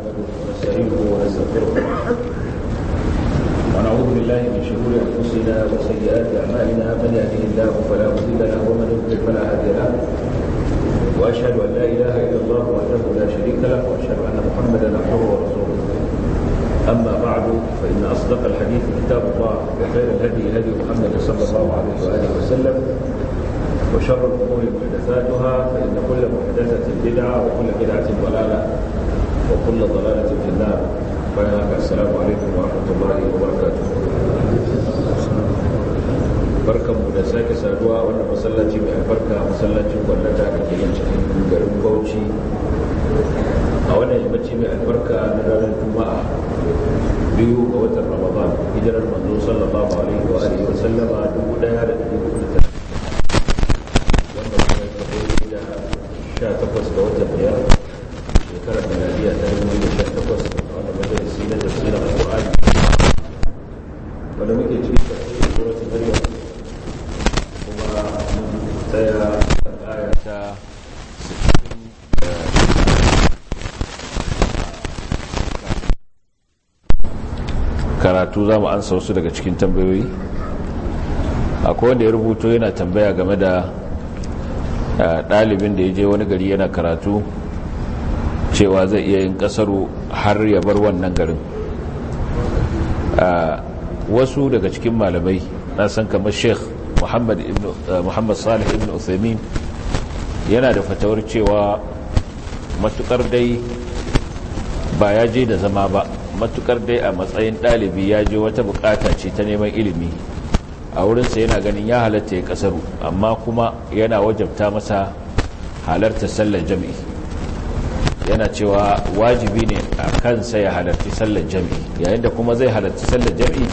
ونستعينه ونستغفره ونعوذ بالله من شرور انفسنا وسيئات اعمالنا من يهده الله فلا مضل له ومن يضلل فلا هادي له واشهد ان لا اله الا الله وحده لا شريك له واشهد ان محمدا عبده ورسوله اما بعد فان اصدق الحديث كتاب الله وخير الهدي هدي محمد صلى الله عليه واله وسلم وشر الامور محدثاتها فان كل محدثه بدعه وكل بدعه ضلاله وكل ضلالة في النار بيانك السلام عليكم ورحمة الله وبركاته barkan mu da sake saduwa a wannan masallaci mai albarka masallacin gwamnati da ke yanci garin bauchi a wannan yammaci mai albarka na ranar juma'a biyu ga watan ramadan hijirar manzo sallallahu alaihi wa alihi wa sallama za mu ansa wasu daga cikin tambayoyi kowane ya rubuto yana tambaya game da eh, ɗalibin da ya je wani gari yana karatu cewa zai iya yin ƙasaru har ya bar wannan garin eh, wasu daga cikin malamai na san kamar sheikh muhammad eh, salih ibn uthamin yana da fatawar cewa matukar dai ba ya je da zama ba matukar dai a matsayin ɗalibi ya je wata bukata ce ta neman ilimi a wurinsa yana ganin ya halatta ya kasaru amma kuma yana wajabta masa halarta sallar jami'i yana cewa wajibi ne a kansa ya halarci sallar jami'i yayin da kuma zai halarci sallar jami'i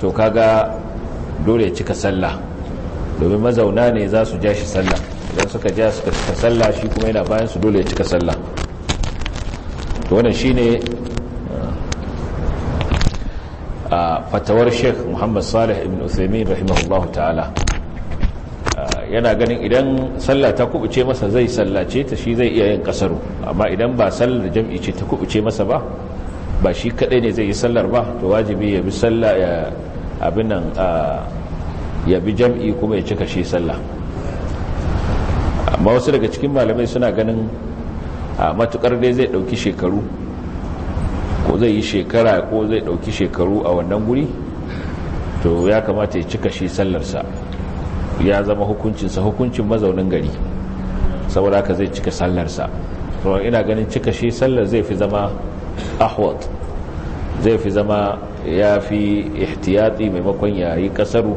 to kaga dole ya cika sallah domin mazauna ne za su ja shi sallah idan suka ja suka cika sallah shi kuma yana bayan su dole ya cika sallah to wannan shine fatawar sheikh muhammad salih ibn uthaymin rahimahullahu ta'ala ah, yana ganin idan sallah ta kubuce masa zai sallace ta shi zai iya yin kasaru amma idan ba sallar jam'i ce ta kubuce masa ba ba shi kadai ne zai yi sallar ba to wajibi ya bi sallah ya abin nan ah, ya bi jam'i kuma ya cika shi sallah amma wasu daga cikin malamai suna ganin ah, matukar dai zai dauki shekaru ko zai yi shekara ko zai ɗauki shekaru a wannan guri to ya kamata ya cika shi sallarsa ya zama hukuncinsa hukuncin mazaunin gari saboda ka zai cika sallarsa to ina ganin cika shi sallar zai fi zama ahwat zai fi zama ya fi ihtiyati maimakon ya yi kasaru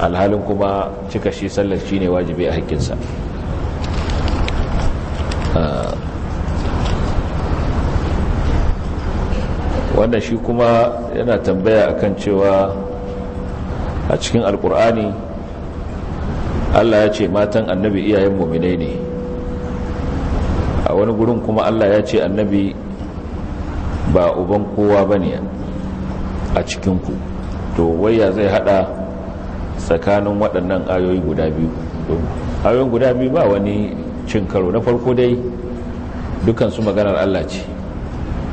alhalin kuma cika shi sallar shi ne wajibi a hakkinsa uh, wannan shi kuma yana tambaya akan cewa a cikin alkur'ani Allah ya ce matan annabi iyayen muminai ne a wani gurin kuma Allah ya ce annabi ba uban kowa ba ne a cikinku to waya zai hada tsakanin waɗannan ayoyi guda biyu ayoyin guda biyu ba wani cin karo na farko dai dukansu maganar Allah ce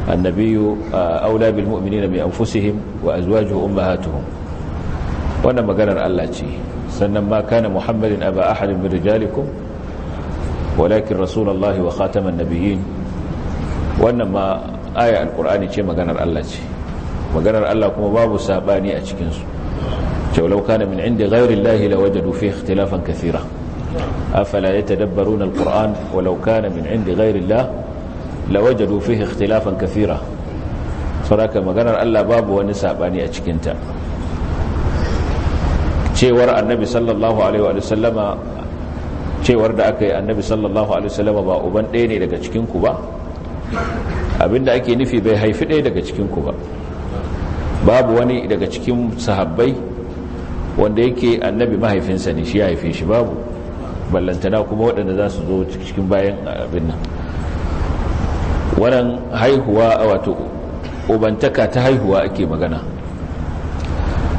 annabi aula bil mu'minina bi anfusihim wa azwajuhu ummahatuhum wannan maganar Allah ce sannan ma kana muhammadin aba ahadin min rijalikum walakin rasulullahi wa khataman nabiyyin wannan ma aya alqur'ani ce maganar Allah ce maganar Allah kuma babu sabani a cikin su ce walau kana min la ghairillahi lawajadu fihi ikhtilafan kathira afala yatadabbaruna alquran walau kana min inda ghairillah lawajadu fihi ikhtilafan kathira saboda maganar Allah babu wani sabani a cikin ta cewar annabi sallallahu alaihi wa sallama cewar da aka yi annabi sallallahu alaihi wa sallama ba uban ɗaya ne daga cikin ku ba abinda ake nufi bai haifi ɗaya daga cikin ku ba babu wani daga cikin sahabbai wanda yake annabi mahaifinsa ne shi ya haife shi babu ballantana kuma waɗanda za su zo cikin bayan abin nan wannan haihuwa a wato ubantaka ta haihuwa ake magana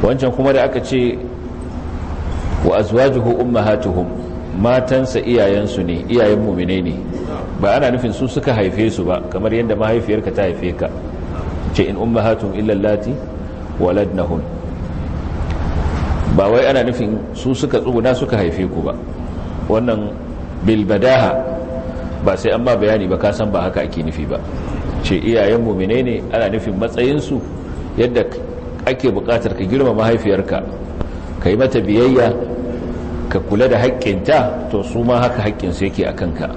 wancan kuma da aka ce wa azwajuhu ummahatuhum matansa iyayensu ne iyayen mumine ne ba ana nufin su suka haife su ba kamar yadda mahaifiyarka ta haife ka ce in illa illallati waladnahun ba wai ana nufin su suka tsuguna suka haife ku ba wannan bilbadaha ba sai an ba bayani ba kasan ba haka ake nufi ba ce iyayen mumine ne ana nufin matsayinsu yadda ake bukatar ka girma mahaifiyarka ka yi mata biyayya ka kula da haƙƙinta to su ma haka haƙƙinsu yake a kanka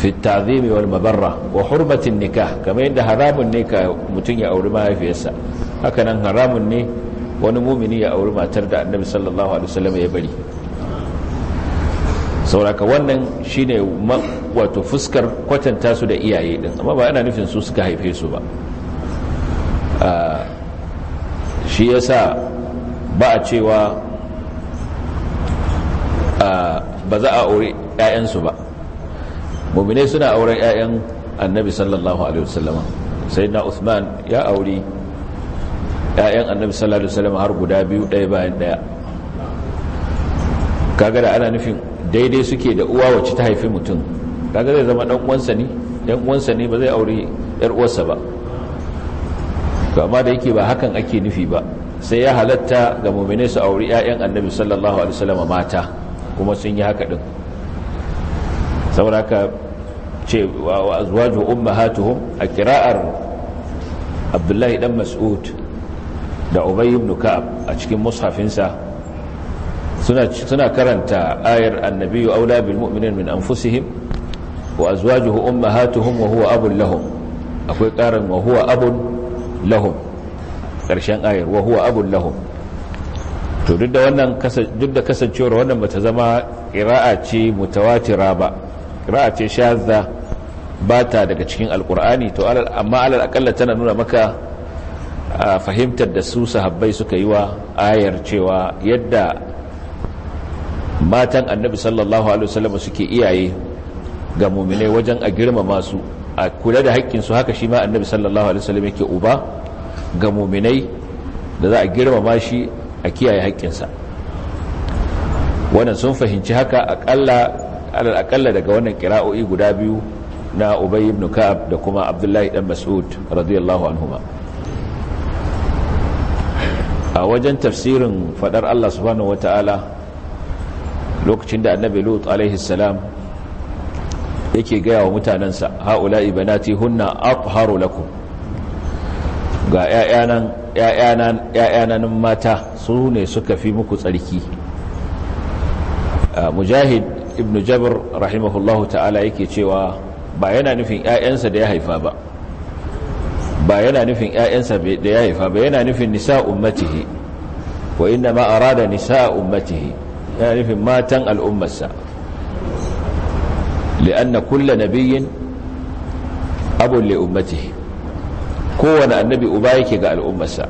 fitazimi wal mabarra wa hurmatin nikah kamar yadda haramun ne ka mutum ya auri mahaifiyarsa haka nan haramun ne wani mumini ya auri matar da annabi sallallahu alaihi wasallam ya bari sauraka wannan shine wato fuskar kwatanta su da iyaye din amma ba yana nufin su suka haife su ba ah, shi yasa ba a cewa ah, ba za a aure 'ya'yansu ba mummine suna auren 'ya'yan annabi sallallahu alaihi wasallama sai na usman ya auri 'ya'yan annabi sallallahu alaihi wasallama har guda biyu ɗaya bayan ɗaya kaga da ana nufin daidai suke da uwa wacce ta haifi mutum kaga zai zama dan uwansa ne dan uwansa ne ba zai aure yar uwarsa ba to amma da yake ba hakan ake nufi ba sai ya halatta ga muminai su auri ƴaƴan annabi sallallahu alaihi wasallam mata kuma sun yi haka din saboda haka ce wa azwaju ummahatuhum a qira'ar abdullahi dan mas'ud da ubay ibn ka'ab a cikin mushafinsa suna karanta ayar annabiyu aula bil mu'minin min anfusihim wa azwajuhu ummahatuhum wa huwa abun lahum akwai karin wa huwa abun lahum karshen ayar wa huwa abun lahum to duk da wannan duk da kasancewar wannan bata zama qira'a ce mutawatira ba qira'a ce shadda bata daga cikin alqur'ani to amma alal akalla tana nuna maka fahimtar da su sahabbai suka yi wa ayar cewa yadda matan annabi sallallahu alaihi wasallam suke iyaye ga mu'minai wajen a girmama su a kula da haƙƙin su haka shi ma annabi sallallahu alaihi wasallam yake uba ga mu'minai da za a girmama shi a kiyaye sa. wannan sun fahimci haka akalla akalla daga wannan kira'o'i guda biyu na Ubay ibn Ka'ab da kuma Abdullahi dan Mas'ud radiyallahu anhuma a wajen tafsirin fadar Allah subhanahu wataala lokacin da annabi lut alaihi salam yake gaya wa mutanensa ha'ula'i banati hunna atharu lakum ga ƴaƴanan mata su ne suka fi muku tsarki ah, mujahid ibn jabir rahimahullahu ta'ala yake cewa ba yana nufin ‘ya'yansa da ya haifa ba ba yana nufin ‘ya'yansa da ya haifa ba yana nufin nisa ummatihi wa inda ma'ara da nisa ummatihi ya nufin matan al'ummarsa li'anna kulla nabiyyin abun li'ummati kowane annabi uba yake ga al'ummarsa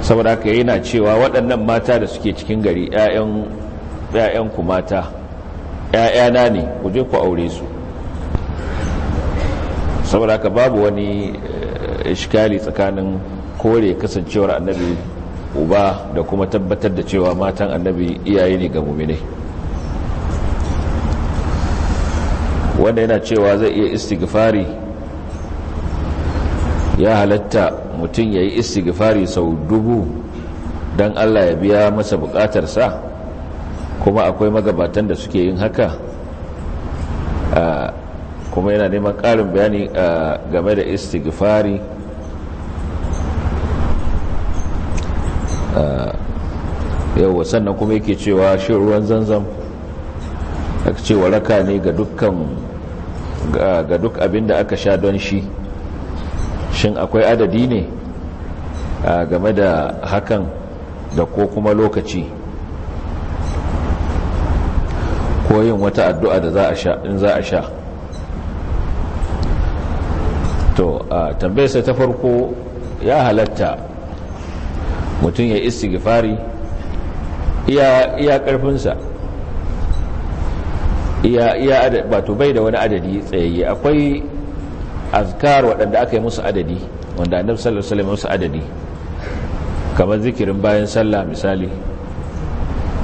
saboda haka yana cewa waɗannan mata da suke cikin gari 'ya'yanku mata 'ya'yana ne ku je ku aure su saboda haka babu wani eh, ishkali tsakanin kore kasancewar annabi uba da kuma tabbatar da cewa matan annabi iyaye ne ga muminai wanda yana cewa zai iya istighfari ya halatta mutum ya yi istighfari sau dubu don allah ya biya masa bukatarsa kuma akwai magabatan da suke yin haka ah, kuma yana neman ƙarin bayani ah, game da istighfari Eh, yau sannan kuma yake cewa shi ruwan zanzam aka ce waraka ne ga dukkan ga duk abin da aka sha don shi shin akwai adadi ne game da hakan da ko kuma lokaci ko yin wata addu'a da za a sha in za a sha to tambayarsa ta farko ya halatta mutum ya istighfari iya iya karfinsa iya iya bato bai da wani adadi tsayayye akwai azkar waɗanda aka yi musu adadi wanda annabi sallallahu alaihi wasallam musu adadi kamar zikirin bayan sallah misali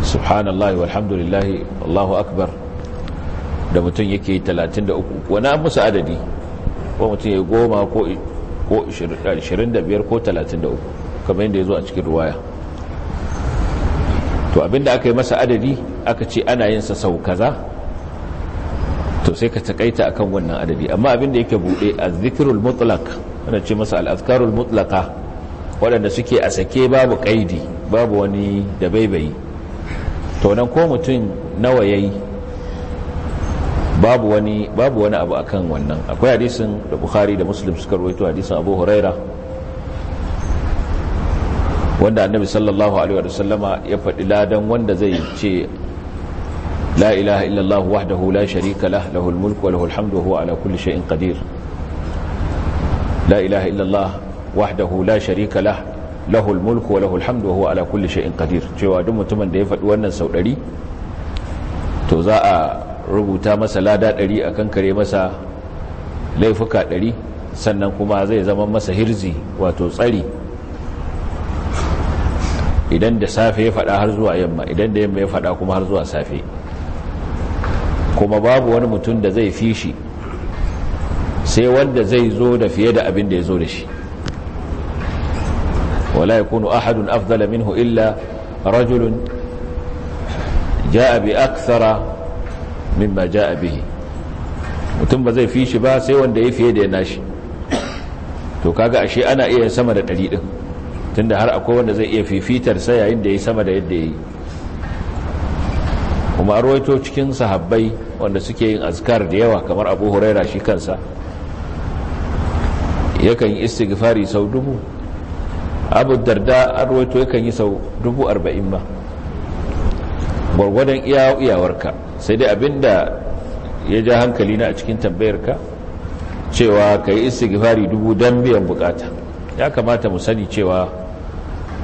subhanallahi walhamdulillahi wallahu akbar da mutum yake 33 wani an musu adadi ko mutum ya goma ko 25 ko 33 kamar yadda ya zo a cikin ruwaya to abinda aka yi masa adadi aka ce ana yin sa sau kaza to sai ka takaita akan wannan adadi amma abin abinda yake bude zikirul mutlaq ana ce masa al'azkarul mutlaqa waɗanda suke a sake babu kaidi babu wani da baibayi to nan ko mutum nawa yayi babu wani babu wani abu akan wannan akwai hadisin da Bukhari da Muslim suka ruwaito hadisin Abu Huraira wanda annabi sallallahu alaihi wa sallama ya faɗi ladan wanda zai ce la ilaha illallah wahdahu la sharika lah lahul mulku wa lahul hamdu huwa ala kulli shay'in qadir la ilaha illallah wahdahu la sharika lah lahul mulku wa lahul hamdu wa huwa ala kulli shay'in qadir cewa duk mutumin da ya faɗi wannan sau ɗari to za a rubuta masa lada ɗari a kankare masa laifuka ɗari sannan kuma zai zama masa hirzi wato tsari idan da safe ya faɗa har zuwa yamma idan da yamma ya fada kuma har zuwa safe kuma babu wani mutum da zai fi shi sai wanda zai zo da fiye da abin da ya zo da shi wala yakunu ahadun afdala minhu illa rajulun ja'a bi akthara mimma ja'a bihi mutum ba zai fi shi ba sai wanda ya fiye da ya nashi to kaga ashe ana iya sama da ɗari ɗin tunda har akwai wanda zai iya fifitar sa yayin da ya sama da yadda ya yi kuma rawaito cikin sahabbai wanda suke yin azkar da yawa kamar abu huraira shi kansa yakan yi istighfari sau dubu abu darda an yakan yi sau dubu arba'in ba gwargwadon iyawarka sai dai abinda ya ja hankali na a cikin tambayarka cewa ka yi istighfari dubu don biyan bukata ya kamata mu sani cewa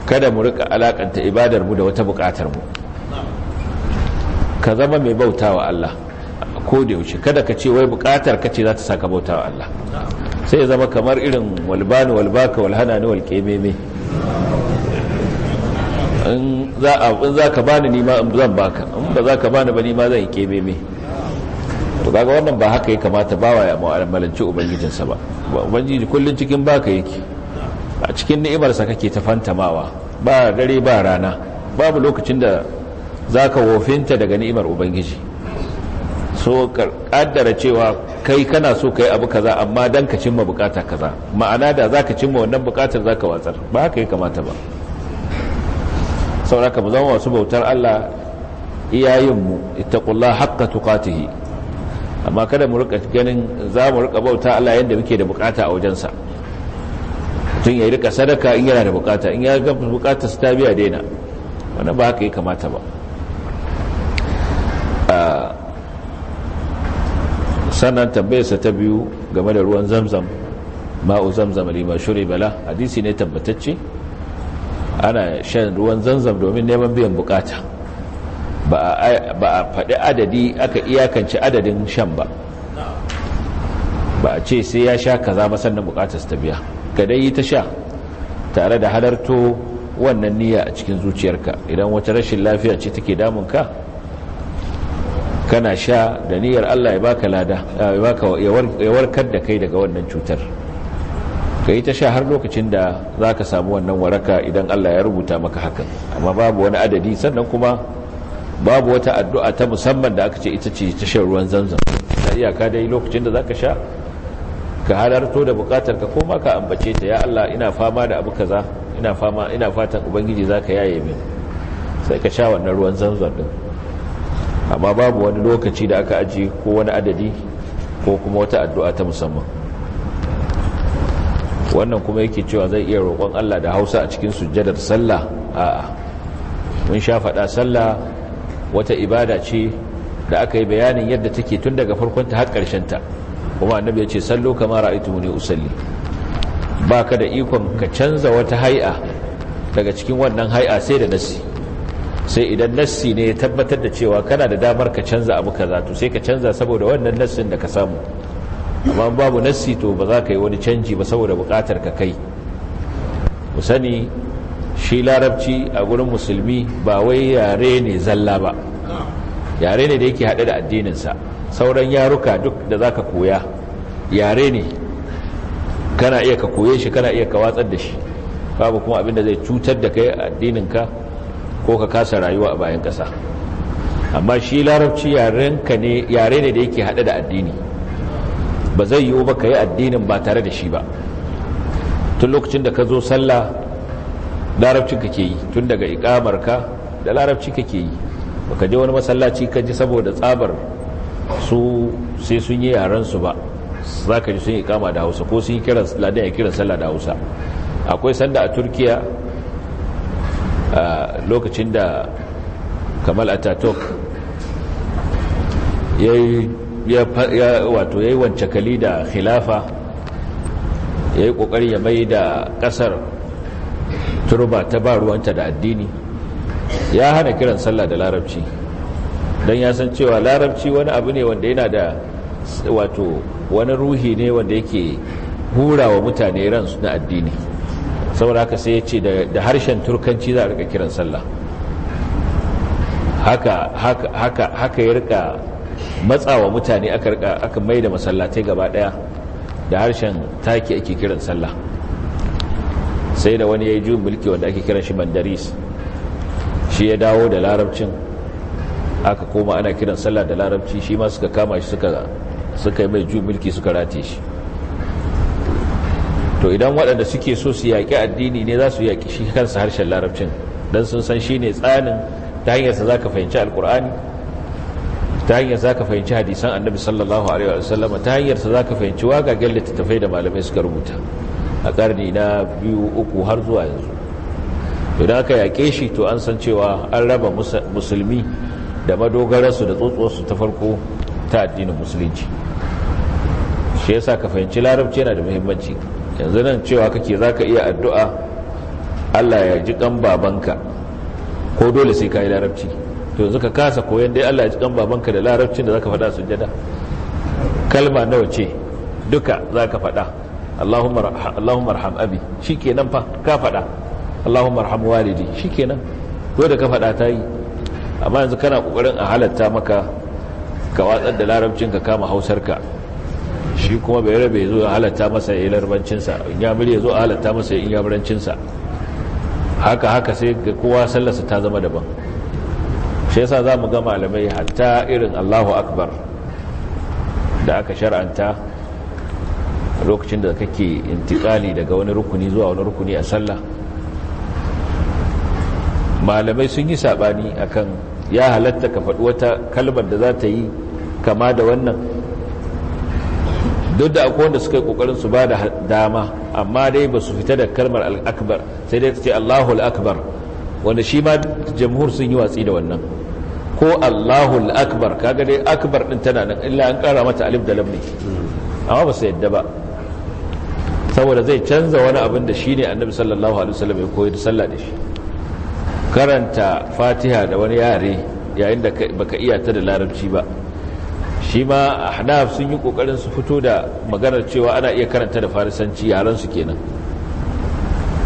kada mu rika alakanta ibadar mu da wata bukatar mu ka zama mai bautawa Allah ko da yaushe kada ka ce wai bukatar ka ce za ta saka bautawa Allah sai ya zama kamar irin walbani walbaka walhanani walqememe in za ka bani ni ma zan baka in ba za ka bani ba ni ma zan kememe to kaga wannan ba haka ya kamata wa ya mu'amalanci ubangijinsa ba ubangiji kullun cikin baka yake a cikin ni'imarsa kake ta fantamawa ba dare ba rana babu lokacin da za ka wofinta daga ni'imar ubangiji so kaddara cewa kai kana so kai abu kaza amma dan ka cimma bukata kaza ma'ana da za ka cimma wannan bukatar za ka watsar ba haka ya kamata ba sauraka mu zama masu bautar allah iyayenmu ittaqullah haqqa tuqatihi amma kada mu rika ganin za mu rika bauta allah yadda muke da bukata a wajensa tun ya rika sadaka in yana da bukata in ya ga bukata su ta biya daina wani ba haka ya kamata ba ah, sannan tambayarsa ta biyu game da ruwan zamzam ma'u zamzam lima shuri bala hadisi ne tabbatacce ana shan ruwan zamzam domin neman biyan bukata ba a faɗi adadi aka iyakanci adadin shan ba ba a ce sai ya sha kaza ba sannan bukatar ta biya ka dai ta sha tare da halarto wannan niyya a cikin zuciyarka idan wata rashin lafiya ce take ka kana sha da niyyar Allah ya baka lada ya warkar da kai daga wannan cutar ka yi ta sha har lokacin da za ka samu wannan waraka idan Allah ya rubuta maka hakan amma babu wani adadi sannan kuma babu wata addu'a ta musamman da aka ce ita ce ta shan ruwan zanzan ta iyaka dai lokacin da za ka sha ka halarto da bukatar ka koma ka ambace ta ya Allah ina fama da abu kaza ina fama ina fatan ubangiji zaka yaye min sai ka sha wannan ruwan zanzan din amma babu wani lokaci da aka aji ko wani adadi ko kuma wata addu'a ta musamman wannan kuma yake cewa zai iya roƙon Allah da Hausa a cikin sujjadar sallah a'a mun sha faɗa sallah wata ibada ce da aka yi bayanin yadda take tun daga farkon ta har ƙarshen ta kuma annabi ya ce sallo kama ra'aitu ne usalli baka da ikon ka canza wata haia daga cikin wannan haia sai da nassi sai idan nassi ne ya tabbatar da cewa kana da damar ka canza abu kaza to sai ka canza saboda wannan nassin da ka samu amma babu nassi to ba za ka yi wani canji ba saboda bukatar ka kai ku sani shi larabci a gurin musulmi ba wai yare ne zalla ba yare ne da yake haɗe da addininsa sauran yaruka duk da za ka koya yare ne kana iya ka koye shi kana iya ka watsar da shi babu kuma abin da zai cutar da kai addininka ko ka kasa rayuwa a bayan ƙasa amma shi larabci yare ne da yake haɗe da addini ba zai yiwu ba ka yi addinin ba tare da shi ba tun lokacin da ka zo sallah larabci ke yi tun daga ikamarka da larabci ka ke yi ka je wani masallaci ka ji saboda tsabar su sai sun yi yaren su ba za ka ji sun yi kama da hausa ko sun yi kiran ladin ya kiran sallah da hausa akwai sanda a turkiya a lokacin da kamal atatok ya yi wancakali da khilafa ya yi kokari ya mai da kasar turba ta ba ruwanta da addini ya hana kiran sallah da larabci don ya san cewa larabci wani abu ne wanda yana da wato wani ruhi ne wanda yake hura wa mutane ransu na addini saboda haka sai ya ce da harshen turkanci za a rika kiran sallah haka haka haka ya rika matsawa mutane aka rika aka maida masallatai gaba daya da harshen taki ake kiran sallah sai da wani ya yi juyin mulki wanda ake kiran shi mandaris shi ya dawo da larabcin aka koma ana kiran sallah da larabci shi ma suka kama shi suka yi mai ju mulki suka rate shi to idan waɗanda suke so su yaƙi addini ne za su yaƙi shi kansa harshen larabcin don sun san shi ne tsanin ta hanyar za ka fahimci alkur'ani ta hanyar za ka fahimci hadisan annabi sallallahu alaihi wasallama ta hanyarsa za ka fahimci wagagen littattafai da malamai suka rubuta a ƙarni na biyu uku har zuwa yanzu idan aka yaƙe shi to an san cewa an raba musulmi da madogararsu da tsotsuwarsu ta farko ta addinin musulunci shi yasa ka fahimci larabci yana da muhimmanci yanzu nan cewa kake za ka iya addu'a allah ya ji kan babanka ko dole sai ka yi larabci to yanzu ka kasa koyon dai allah ya ji kan babanka da larabcin da za ka faɗa jada kalma nawa ce duka za ka faɗa allahumma arham abi shi kenan fa ka faɗa allahumma arham walidi shi kenan ko da ka faɗa ta yi amma yanzu kana kokarin a halatta maka ka watsar da larabcin ka kama hausarka shi kuma bai rabe zo halatta masa ya larabancinsa in ya murya zo a halatta masa ya yamurancinsa haka haka sai ga kowa sallarsa ta zama daban shi yasa za mu ga malamai hatta irin allahu akbar da aka shar'anta lokacin da kake intikali daga wani rukuni zuwa wani rukuni a sallah malamai sun yi sabani akan ya halatta ka faɗi wata kalmar da za ta yi kama da wannan duk da akwai wanda suka yi ƙoƙarin su ba da dama amma dai ba su fita da kalmar al'akbar sai dai ce allahu al'akbar wanda shi ma jamhur sun yi watsi da wannan ko allahu al'akbar kaga dai akbar din tana nan illa an kara mata alif da lamni amma ba su yadda ba saboda zai canza wani abin da shi ne annabi sallallahu alaihi wasallam ya koyi da sallah da shi karanta fatiha da wani yare yayin da baka iya ta da larabci ba shi ma ahnaf sun yi kokarin su fito da maganar cewa ana iya karanta da farisanci yaran su kenan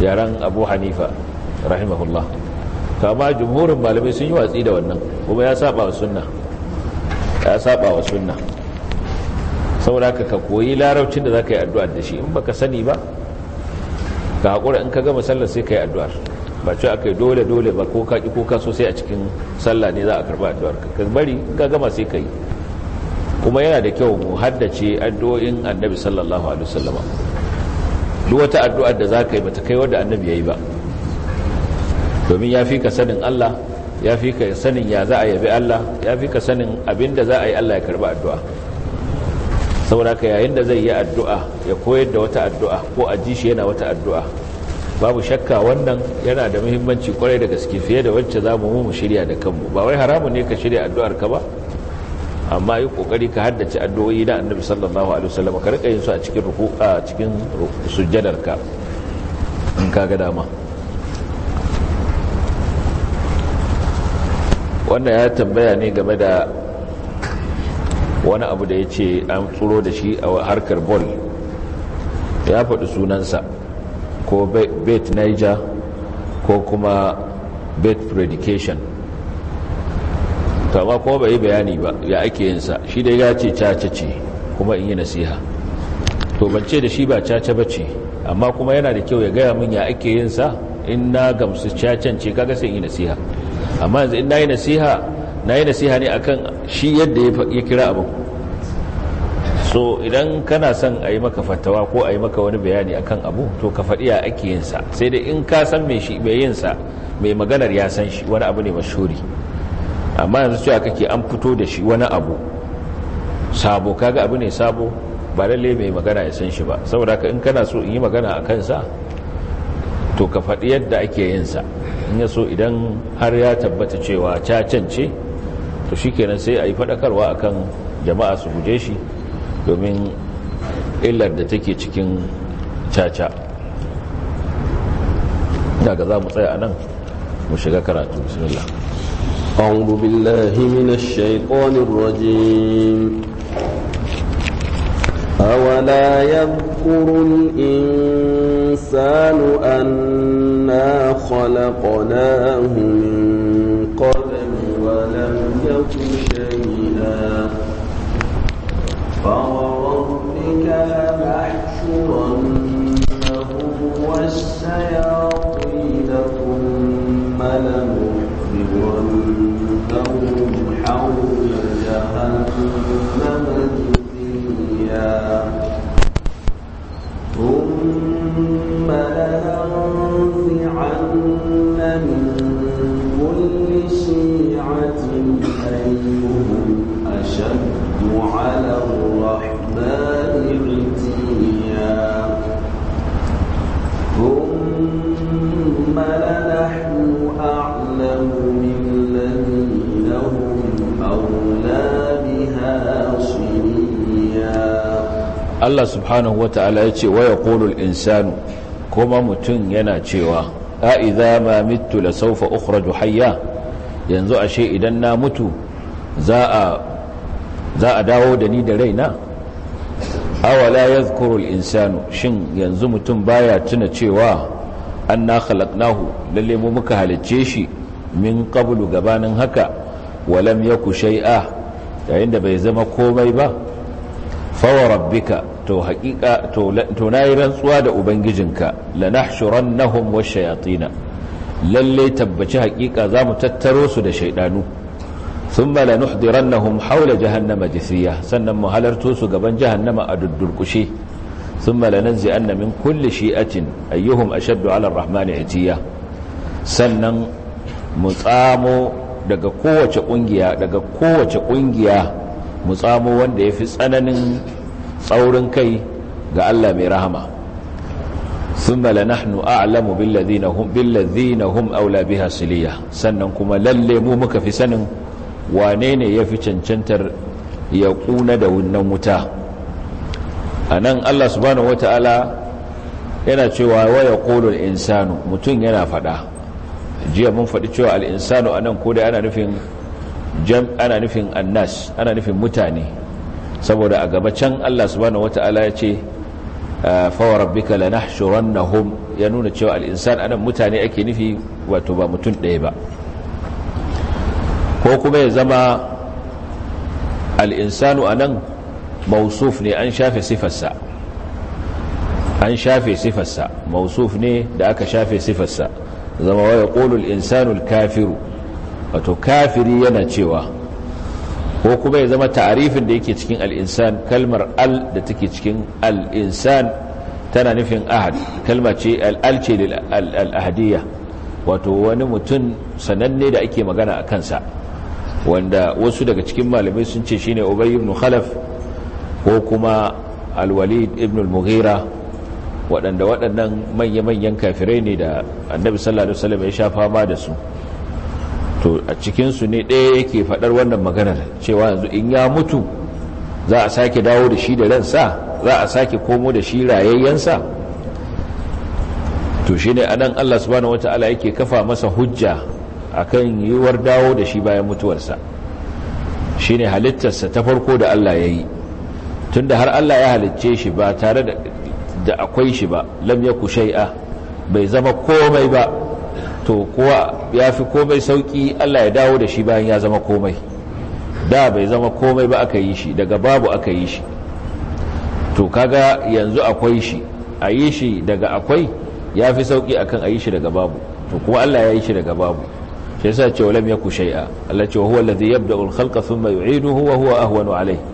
yaran abu hanifa rahimahullah kama jumhurin malamai sun yi watsi da wannan kuma ya saba wa sunna ya saba wa sunna saboda ka koyi larabcin da za ka yi addu'ar da shi in baka sani ba ka haƙura in ka gama sallar sai ka yi addu'ar ba ce aka yi dole dole ba ko ka ko ka so a cikin sallah ne za a karba addu'ar ka bari in gama sai ka yi kuma yana da kyau mu haddace addu'o'in annabi sallallahu alaihi wasallama duk wata addu'ar da za ka yi bata kai wadda annabi ya yi ba domin ya fi ka sanin Allah ya fi ka sanin ya za a yabi Allah ya fi ka sanin abin za a yi Allah ya karba addu'a saboda ka yayin da zai yi addu'a ya koyar da wata addu'a ko a ji shi yana wata addu'a babu shakka wannan yana da muhimmanci kwarai da gaske fiye da wacce za mu mu shirya da kanmu ba wai haramun ne ka shirya addu'ar ka ba amma yi kokari ka haddace addu'o'i na annabi sallallahu alaihi wasallam ka rika yin su a cikin ruku a cikin sujjadar ka in ka ga dama wannan ya tambaya ne game da wani abu da ya ce an tsoro da shi a harkar bol ya faɗi sunansa ko bet niger ko kuma bet predication tawa ko bai bayani ba ya ake yinsa shi dai ya ce caca ce kuma in yi nasiha to bance da shi ba caca ba ce amma kuma yana da kyau ya gaya min ya ake yinsa in na gamsu cacan ce kaga sai in yi nasiha amma yanzu in na yi nasiha na yi nasiha ne akan shi yadda ya kira abin so idan kana son a yi maka fatawa ko a yi maka wani bayani akan abu to ka faɗi ya ake yinsa sai dai in ka san mai yinsa mai maganar ya san shi wani abu ne mashuri amma yanzu cewa kake an fito da shi wani abu sabo kaga abu ne sabo ba lalle mai magana ya san shi ba saboda ka in kana so in yi magana a kansa to ka faɗi yadda ake yinsa in ya so idan har ya tabbata cewa ce to shi kenan sai a yi faɗakarwa akan jama'a su guje shi domin illar da take cikin caca daga za mu tsaya a nan mu shiga karatu bismillah أعوذ بالله من الشيطان الرجيم أولا يذكر الإنسان أنا خلقناه من فوربك لنحشرنهم والشياطين ثم حول جهنم ثم من كل شيعة أيهم أشد Allah subhanahu wa ta'ala ya ce waya kolul insanu kuma mutum yana cewa a ma mitu la sawfa ukhraju hayya yanzu ashe idan na mutu za a dawo da ni da raina awala ya al insanu shin yanzu mutum baya tuna cewa anna khalaqnahu lalle mu muka halicce shi min qablu gabanin haka walam yaku shay'a yayin da bai zama komai ba fa rabbika to haqiqa to to nayi rantsuwa da ubangijinka lanahshurannahum washayatin lalle tabbaci za zamu tattaro su da shaydanu thumma lanuhdirannahum hawla jahannama jithiya sannan mu halarto su gaban jahannama a duddurkushe thumma lananzi'anna min kulli shi'atin ayyuhum ashaddu 'ala ar-rahmani 'atiya sannan mu tsamo daga kowace kungiya daga kowace kungiya mu tsamo wanda yafi tsananin tsaurin kai ga Allah mai rahama thumma lanahnu a'lamu bil ladina hum hum aula biha siliya sannan kuma lalle mu muka fi sanin wane ne yafi cancantar ya ƙuna da wannan wuta anan nan allah subhanahu wata'ala yana cewa waya kolon insanu mutum yana fada jiya mun faɗi cewa al'insanu a nan kodai ana nufin jam ana nufin annas ana nufin mutane saboda a gaba can allah subhanahu wata'ala ya ce ah, fawar rabbika lanahshurannahum ya nuna cewa al'insan anan mutane ake nufi wato ba mutum ɗaya ba ko kuma ya zama al al'insanu anan mausuf ne an shafe sifarsa an shafe sifarsa mausuf ne da aka shafe sifarsa zama wa ya ƙolul insanul kafiru wato kafiri yana cewa ko kuma ya zama ta'arifin da yake cikin al'insan kalmar al da take cikin al'insan tana nufin ahad kalma ce al'al ce al'ahadiyya wato wani mutum sananne da ake magana a kansa wanda wasu daga cikin malamai sun ce shine ubayy ibn khalaf ko kuma alwalid ibn al-mughira waɗanda waɗannan manya-manyan kafirai ne da annabi sallallahu alaihi wasallam ya sha fama da su to a cikinsu ne ɗaya yake faɗar wannan maganar cewa yanzu in ya mutu za a sake dawo da shi da ransa za a sake komo da shi rayayyensa to shine a nan allah subhanahu wata'ala yake kafa masa hujja akan yiwuwar dawo da shi bayan mutuwarsa shine halittarsa ta farko da allah ya yi tun da har Allah ya halicce shi ba tare da akwai shi ba lam ku shai'a bai zama komai ba to kuwa fi komai sauki Allah ya dawo da shi bayan ya zama komai da bai zama komai ba aka yi shi daga babu aka yi shi to kaga yanzu akwai shi a yi shi daga akwai ya fi a akan a yi shi daga babu to kuma Allah ya yi shi daga babu shi yasa cewa lam ku shai'a Allah cewa huwa lazi yabda'u al-khalqa thumma yu'iduhu wa huwa ahwanu alayhi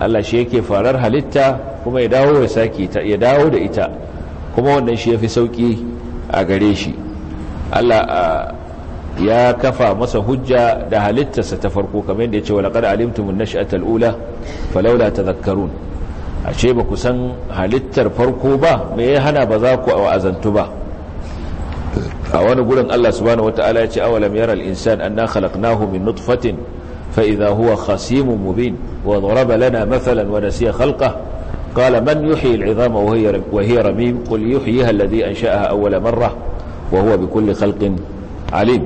Allah shi yake farar halitta kuma ya dawo ya sake ta ya dawo da ita kuma wannan shi yafi sauki a gare shi Allah ya kafa masa hujja da halittarsa ta farko kamar yadda ya ce walaqad alimtumun nash'ata al-ula falawla tadhakkarun a ce ba ku san halittar farko ba me ya hana ba za ku azantu ba a wani gurin Allah subhanahu wataala ya ce awalam yara al-insan anna khalaqnahu min nutfatin فإذا هو خصيم مبين وضرب لنا مثلا ونسي خلقه قال من يحيي العظام وهي, وهي رميم قل يحييها الذي أنشأها أول مرة وهو بكل خلق عليم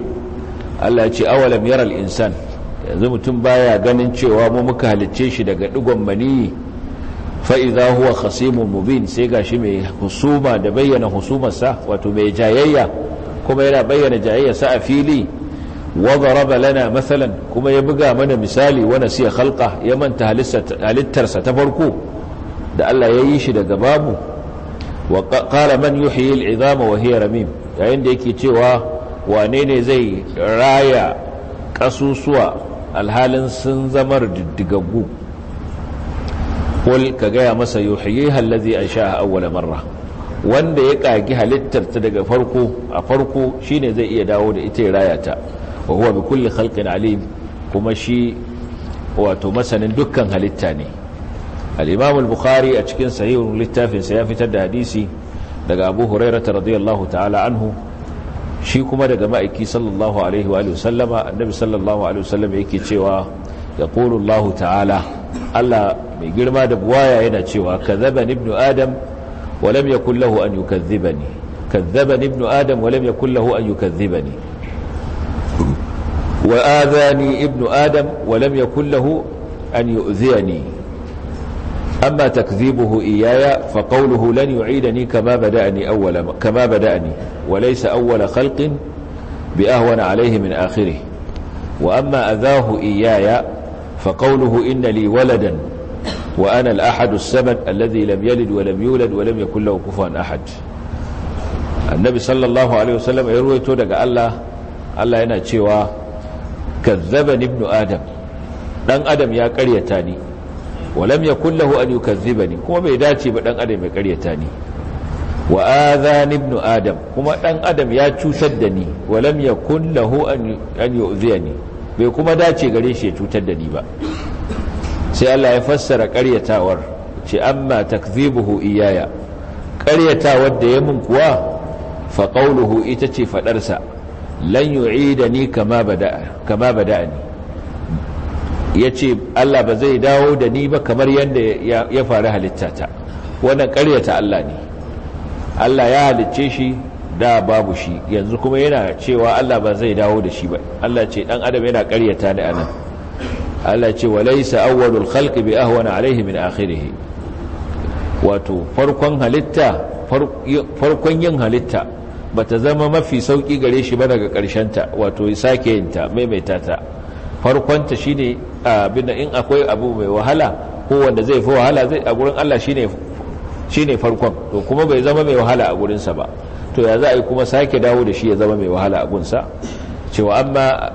Allah ce awalam yaral insan yanzu mutum baya ganin cewa mu muka halicce shi daga digon maniyi fa idza huwa khasimun mubin sai gashi mai husuma da bayyana husumarsa wato mai jayayya kuma yana bayyana jayayyarsa a fili wa daraba lana masalan kuma ya buga mana misali wa siya khalqa ya manta halittarsa ta farko da Allah ya yi shi daga babu wa qala man yuhyi al'izama wa hiya ramim yayin da yake cewa wane ne zai raya kasusuwa alhalin sun zama diddigaggu qul ka gaya masa yuhyiha allazi ansha'a awwala marra wanda ya kagi halittarta daga farko a farko shine zai iya dawo da ita ya raya wa huwa bi kulli khalqin alim kuma shi wato masanin dukkan halitta ne al-imam al-bukhari a cikin sahihul littafin sa ya fitar da hadisi daga abu hurairah radiyallahu ta'ala anhu shi kuma daga ma'aiki sallallahu alaihi wa sallama annabi sallallahu alaihi wa sallama yake cewa ya qulu Allah ta'ala Allah mai girma da buwaya yana cewa kadhabani ibnu adam wa lam yakul lahu an yukazzibani kadhabani ibnu adam wa lam yakul lahu an yukazzibani wa ibnu adam wa lam yakul lahu an yu'ziyani amma takdhibuhu iyaya fa qawluhu lan yu'idani kama bada'ani awwala kama bada'ani wa laysa awwala khalqin bi ahwana alayhi min akhirih wa amma adhahu iyaya fa qawluhu inna li waladan wa ana al-ahad as-samad alladhi lam yalid wa lam yulad wa lam yakul lahu kufuwan annabi sallallahu ya ruwaito daga Allah Allah yana cewa kazzaban ibnu adam dan adam ya karyata ni walam yakul lahu an yukazzibani kuma bai dace ba dan adam ya karyata ni wa adhan ibnu adam kuma dan adam ya cutar da ni walam yakul lahu an an yu'ziyani bai kuma dace gare shi ya cutar da ni ba sai Allah ya fassara karyatawar ce amma takzibuhu iyaya karyatawar da ya mun kuwa fa qawluhu ita ce fadarsa lan ni kama bada'a ni. Ya ce, Allah ba zai dawo da ni ba kamar yadda ya faru halittata wannan karyata Allah ne Allah ya halicce shi da babu shi yanzu kuma yana cewa Allah ba zai dawo da shi ba Allah ce dan adam yana ƙaryata ni anan Allah ce walaysa awwalul khalqi bi ahwana alayhi min akhirih wato farkon halitta farkon yin halitta ba ta zama mafi sauki gare shi ba daga ta wato ya sake yin ta maimaita ta farkonta shine abin in akwai abu mai wahala ko wanda zai fi wahala zai a gurin Allah shine shine farkon to kuma bai zama mai wahala a gurinsa ba to ya za a yi kuma sake dawo da shi ya zama mai wahala a gunsa cewa amma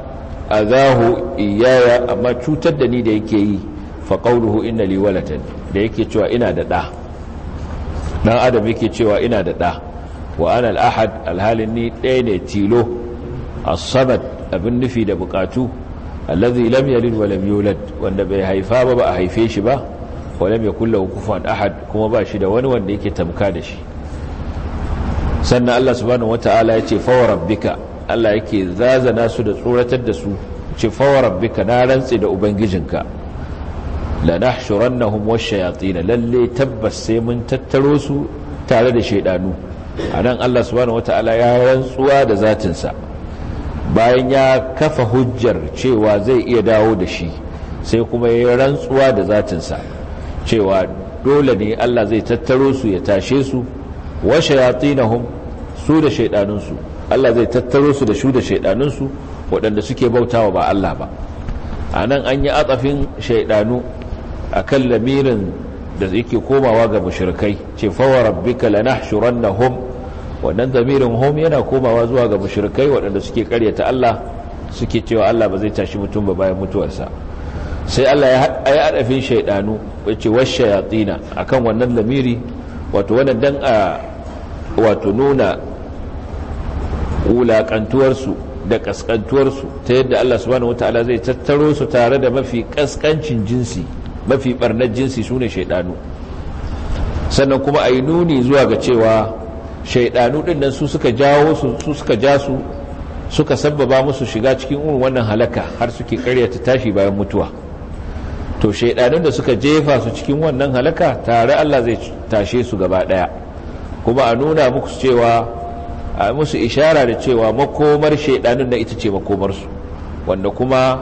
azahu iyaya amma cutar da ni da yake yi fa qawluhu inna li waladan da yake cewa ina da da dan adam yake cewa ina da da wa ana al'ahad alhalin ni ɗaya ne tilo a samad abin nufi da bukatu allazi lam yalid wa lam yulad wanda bai haifa ba ba a haife shi ba wa lam yakul lahu kufuwan ahad kuma ba shi da wani wanda yake tamka da shi sannan Allah subhanahu wataala ya ce fa wa rabbika Allah yake zazana su da tsoratar da su ce fa wa rabbika na rantsi da ubangijinka la nahshurannahum wash shayatin lalle tabbas sai mun tattaro su tare da shaydanu a nan allah subhanahu wata'ala ya rantsuwa da zatinsa bayan ya kafa hujjar cewa zai iya dawo da shi sai kuma ya rantsuwa da zatinsa cewa dole ne allah zai tattaro su ya tashe su wa shayatinahum su da shaidaninsu allah zai tattaro su da shu da shaidaninsu waɗanda suke bautawa ba allah ba a nan an yi atsafin shaidanu a kan lamirin da yake komawa ga mushrikai ce fawa rabbika lanahshurannahum wannan zamirin hom yana komawa zuwa ga mushrikai waɗanda suke karya ta Allah suke cewa Allah ba zai tashi mutum ba bayan mutuwarsa sai Allah ya yi haɗafin shaidanu wace washe yatsina a kan wannan lamiri wato wani dan a wato nuna wulaƙantuwarsu da ƙasƙantuwarsu ta yadda Allah subhanahu wata'ala zai tattaro su tare da mafi ƙasƙancin jinsi mafi ɓarnar jinsi su ne shaidanu sannan kuma a yi nuni zuwa ga cewa shaidanu din nan su suka jawo su suka ja su suka sabbaba musu shiga cikin irin wannan halaka har suke karyata tashi bayan mutuwa to shaidanun da suka jefa su cikin wannan halaka tare Allah zai tashe su gaba daya kuma a nuna muku cewa a musu ishara da cewa makomar shaidanun na ita ce makomar su. wanda kuma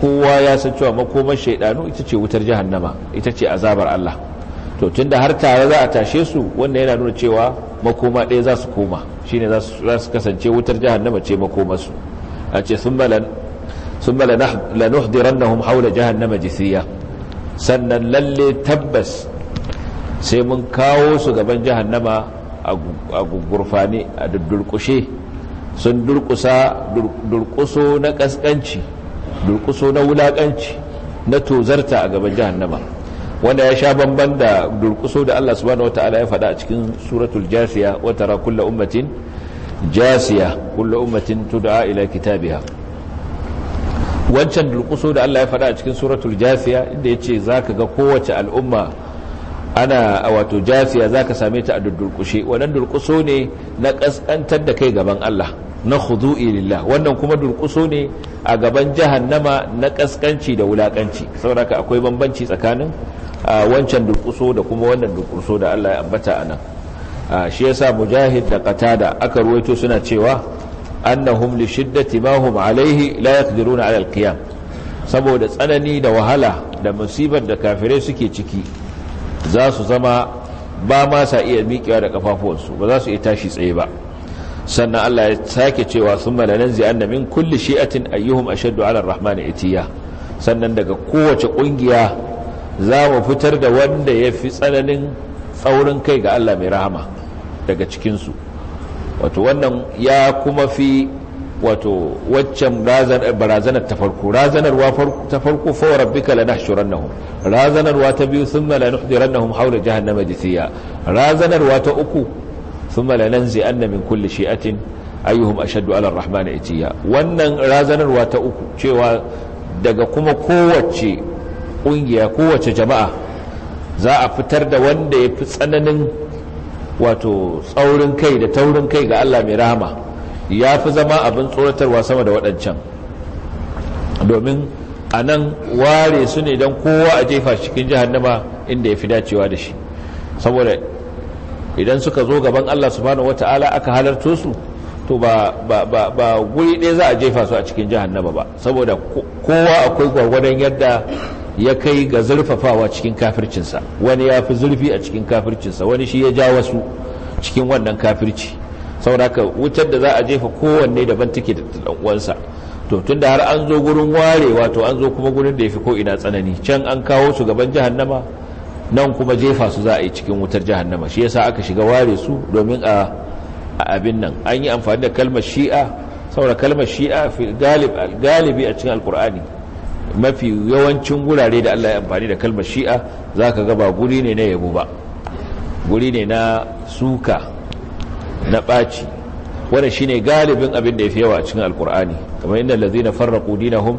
kowa ya san cewa makomar shaidanu ita ce wutar jahannama ita ce azabar Allah to tunda har tare za a tashe su wannan yana nuna cewa makoma ɗaya za su koma shine za su kasance wutar jahannama ce makomarsu a ce sun bala na nuhdirannahum haula jahannama jisiya sannan lalle tabbas sai mun kawo su gaban jahannama a gurfani a durkushe sun durkusa durkuso na kaskanci durkuso na wulakanci na tozarta a gaban jahannama wanda ya sha bamban da durkuso da Allah subhanahu wataala ya faɗa a cikin suratul jasiya wa tara kullu ummatin jasiya kullu ummatin tud'a ila kitabiha wancan durkuso da Allah ya faɗa a cikin suratul jasiya inda yace zaka ga kowace al'umma ana a wato jasiya zaka same ta a durkushe wannan durkuso ne na kaskantar da kai gaban Allah na khudu'i lillah wannan kuma durkuso ne a gaban jahannama na ƙaskanci da wulakanci saboda akwai bambanci tsakanin wancan durkuso da kuma wannan durkuso da Allah ya ambata nan shi yasa mujahid da qatada aka ruwaito suna cewa annahum li shiddati ma hum alaihi la yaqdiruna ala alqiyam saboda tsanani da wahala da musibar da kafirai suke ciki za su zama ba ma sa iya miƙewa da kafafuwansu ba za su iya tashi tsaye ba sannan Allah ya sake cewa sun malanan zi'anna min kulli shi'atin ayyuhum ashaddu ala rahman itiya sannan daga kowace kungiya za mu fitar da wanda ya fi tsananin tsaurin kai ga Allah mai rahama daga cikinsu wato wannan ya kuma fi wato waccan barazanar ta farko razanarwa ta farko fa rabbika lanahshurannahum razanarwa ta biyu thumma lanuhdirannahum hawla jahannama jithiya razanarwa ta uku thumma lananzi anna min kulli shi'atin ayyuhum ashaddu ala ar-rahman itiya wannan razanarwa ta uku cewa daga kuma kowace kungiya kowace jama'a za a fitar da wanda ya fi tsananin wato tsaurin kai da taurin kai ga Allah mai rahama ya fi zama abin tsoratarwa sama da waɗancan domin a nan ware su ne don kowa a jefa cikin jihannama inda ya fi dacewa da shi saboda idan suka zo gaban Allah subhanahu wata'ala aka halarto su to ba ba ba ba guri ɗaya za a jefa su a cikin jahannama ba saboda kowa akwai gwargwadon yadda ya kai ga zurfafawa cikin kafircinsa wani ya fi zurfi a cikin kafircinsa wani shi ya ja wasu cikin wannan kafirci ka wutar da za a jefa kowanne daban take da uwansa to tunda har an zo gurin warewa to an zo kuma gurin da yafi ko ina tsanani can an kawo su gaban jahannama nan kuma jefa su za a yi cikin wutar jahannama shi yasa aka shiga ware su domin a abin nan an yi amfani da kalmar shi'a saboda kalmar shi'a galibi a cikin alkur'ani mafi yawancin gurare da Allah ya amfani da kalmar shi'a zaka ga ba guri ne na yabo ba guri ne na suka na ɓaci wanda shine galibin abin da ya fi yawa a cikin alkur'ani kamar inda lazina farraku dinahum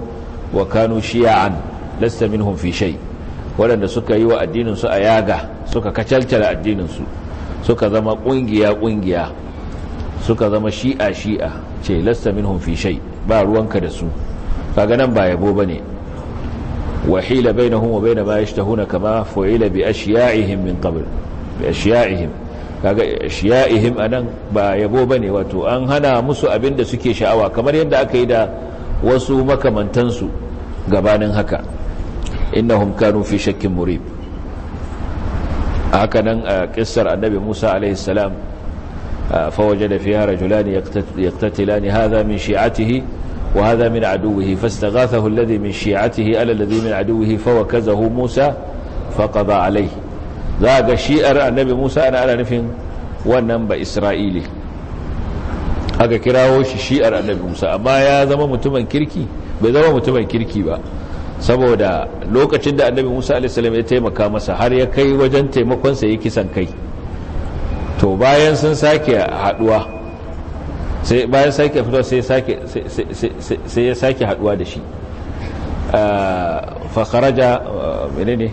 wa kanu shi'an lasta minhum fi shai. waɗanda suka yi wa addininsu a yaga suka kacalcala addininsu suka zama ƙungiya-ƙungiya suka zama shi'a-shi'a ce lasta min fi shai ba ruwanka da su kaga nan ba yabo ba bai wahila hunwa wa na ma huna kama fo'ila bi shiya'ihim min qabl bi ashya'ihim kaga a nan ba yabo ba ne wato an hana musu abin da suke sha'awa kamar yadda aka yi da wasu makamantansu gabanin haka innahum kanu fi shakkin murib haka nan a eh, kissar annabi Musa alaihi salam eh, fa wajada fiha rajulan yaqtatilani hadha min shi'atihi wa hadha min aduwwihi fastaghathahu alladhi min shi'atihi ala alladhi min aduwwihi fawakazahu Musa faqada alayhi za ga shi'ar annabi Musa ana ana nufin wannan ba Isra'ili aka kirawo shi shi'ar annabi Musa amma ya zama mutumin kirki bai zama mutumin kirki ba saboda lokacin da annabi musa a.s. ya taimaka masa har ya kai wajen taimakonsa ya kisan kai to bayan sun sake haduwa sai bayan sake fito sai ya sake haduwa da shi ah, fakaraja ah, mene ne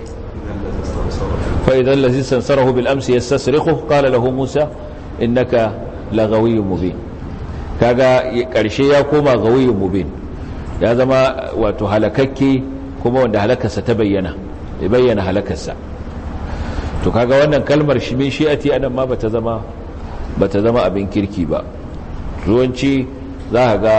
fa'idan lazi lazisan sarahu bil'amsi ya sassariku kala lahu musa innaka lagawiyun mubin kaga karshe ya koma gawiyun mubin ya zama wato halakakki kuma wanda halakarsa ta bayyana ya bayyana halakarsa to kaga wannan kalmar shi min shi'ati anan ma bata zama bata zama abin kirki ba ruwanci za ka ga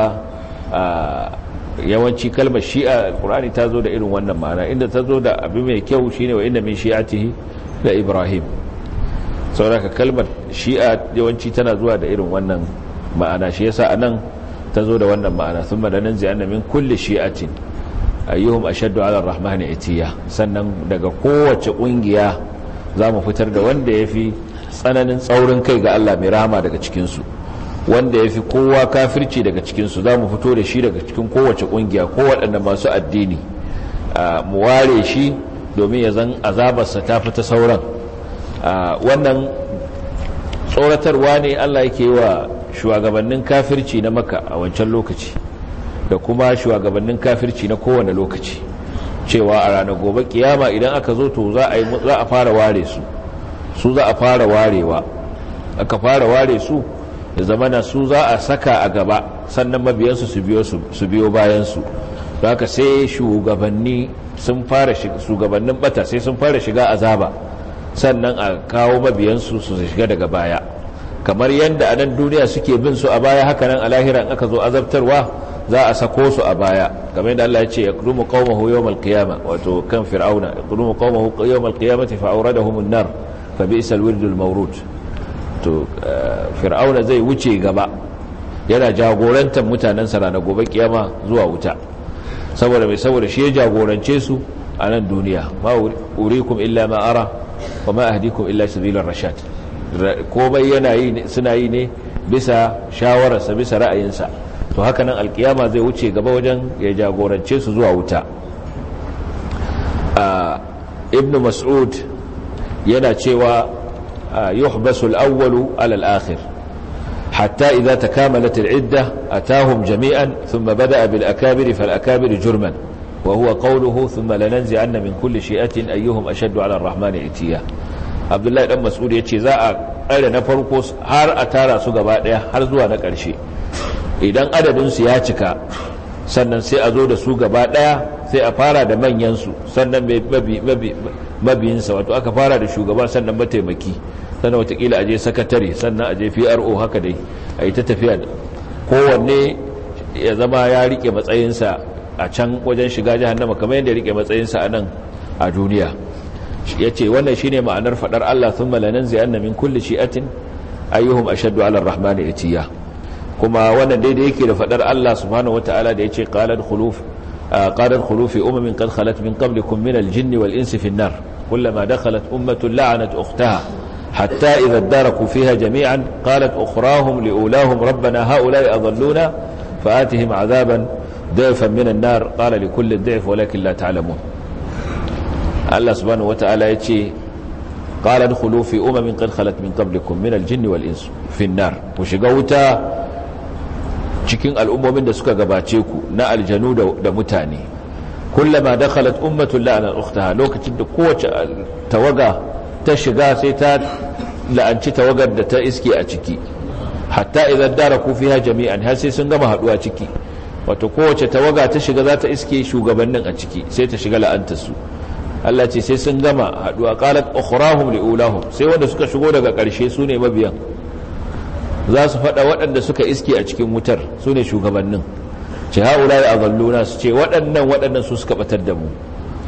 yawanci kalmar shi'a alkur'ani ta zo da irin wannan ma'ana inda ta zo da abu mai kyau shine wa inda min shi'atihi da ibrahim sauraka kalmar shi'a yawanci tana zuwa da irin wannan ma'ana shi yasa anan ta zo da wannan ma'ana sun madanin zai annamin kulli shi'atin ayyuhum ashaddu ala rahmani itiya sannan daga kowace kungiya zamu fitar da wanda yafi tsananin tsaurin kai ga Allah mai rahama daga cikin su. wanda yafi kowa kafirci daga cikinsu za mu fito da shi daga cikin kowace kungiya ko wadanda masu addini mu ware shi domin ya zan azabarsa ta fi ta sauran wannan tsoratarwa ne Allah yake wa shugabannin kafirci na maka a wancan lokaci da kuma shugabannin kafirci na kowane lokaci cewa a ranar gobe kiyama idan aka zo to za a fara ware su su za a fara warewa aka fara ware su da zamana su za a saka a gaba sannan mabiyansu su biyo bayansu za ka sai shugabannin bata sai sun fara shiga azaba sannan a kawo mabiyansu su shiga daga baya kamar yadda a nan duniya suke bin su a baya hakanan nan a in aka zo azabtarwa za a sako su a baya game da Allah ya ce yaqdumu qaumahu yawmal qiyamah wato kan fir'auna yaqdumu qaumahu yawmal qiyamati fa awradahum an-nar fa bi'sa al-wirdul mawrud to eh, fir'auna zai wuce gaba yana jagorantar mutanen sa ranar gobe kiyama zuwa wuta saboda mai saboda shi ya jagorance su a nan duniya ma urikum illa ma ara wa ma ahdikum illa sabilar rashad komai yana yi suna yi ne bisa shawararsa bisa ra'ayinsa to haka nan alkiyama zai wuce gaba wajen ya jagorance su zuwa wuta ibn mas'ud yana cewa yuhbasu al'awwalu alal akhir hatta idza takamalat al'idda atahum jami'an thumma bada'a bil akabir fal akabir jurman wa huwa annamin thumma lananzi'anna min kulli shi'atin ayyuhum ashaddu 'ala ar-rahman itiya abdullahi dan mas'ud ya ce za a ƙare na farko har a tara su gaba daya har zuwa na ƙarshe idan adadinsu ya cika sannan sai a zo da su gaba ɗaya sai a fara da manyansu sannan mabiyinsa wato aka fara da shugaba sannan mataimaki sannan watakila a je sakatare sannan a je pro haka dai a yi ta tafiya kowanne ya zama ya rike matsayinsa a can wajen shiga jihar nama kamar yadda ya rike matsayinsa a nan a duniya ya ce wannan shi ma'anar faɗar allah sun malanin zai annamin kulle shi'atin ayyuhun ashaddu alar rahmanu ya ciya kuma wannan daidai yake da fadar Allah subhanahu wata'ala da yace qalat khuluf ah, qalat khulufi umamin qad khalat min qablikum min al-jinni wal-insi fi an-nar kullama dakhalat ummatun la'anat ukhtaha hatta idha daraku fiha jami'an qalat ukhrahum li'ulahum rabbana ha'ula'i adalluna fa'atihim 'adaban da'fan min an-nar qala likulli da'f walakin la ta'lamun Allah subhanahu wata'ala yace قال ادخلوا في أمم قد خلت من قبلكم من الجن والإنس في النار وشقوتا cikin al'ummomin da suka gabace ku na aljanu da mutane kullama dakhalat ummatun la'anat ukhtaha lokacin da kowace tawaga ta shiga sai ta la'anci tawagar da ta iske a ciki hatta idan kufi fiha jami'an har sai sun gama haduwa ciki wato kowace tawaga ta shiga za ta iske shugabannin a ciki sai ta shiga la'antarsu Allah ce sai sun gama haduwa qalat ukhrahum liulahum sai wanda suka shigo daga karshe su ne mabiyan za su faɗa waɗanda suka iske a cikin wutar su ne shugabannin ce ha'ula ya na su ce waɗannan waɗannan su suka batar da mu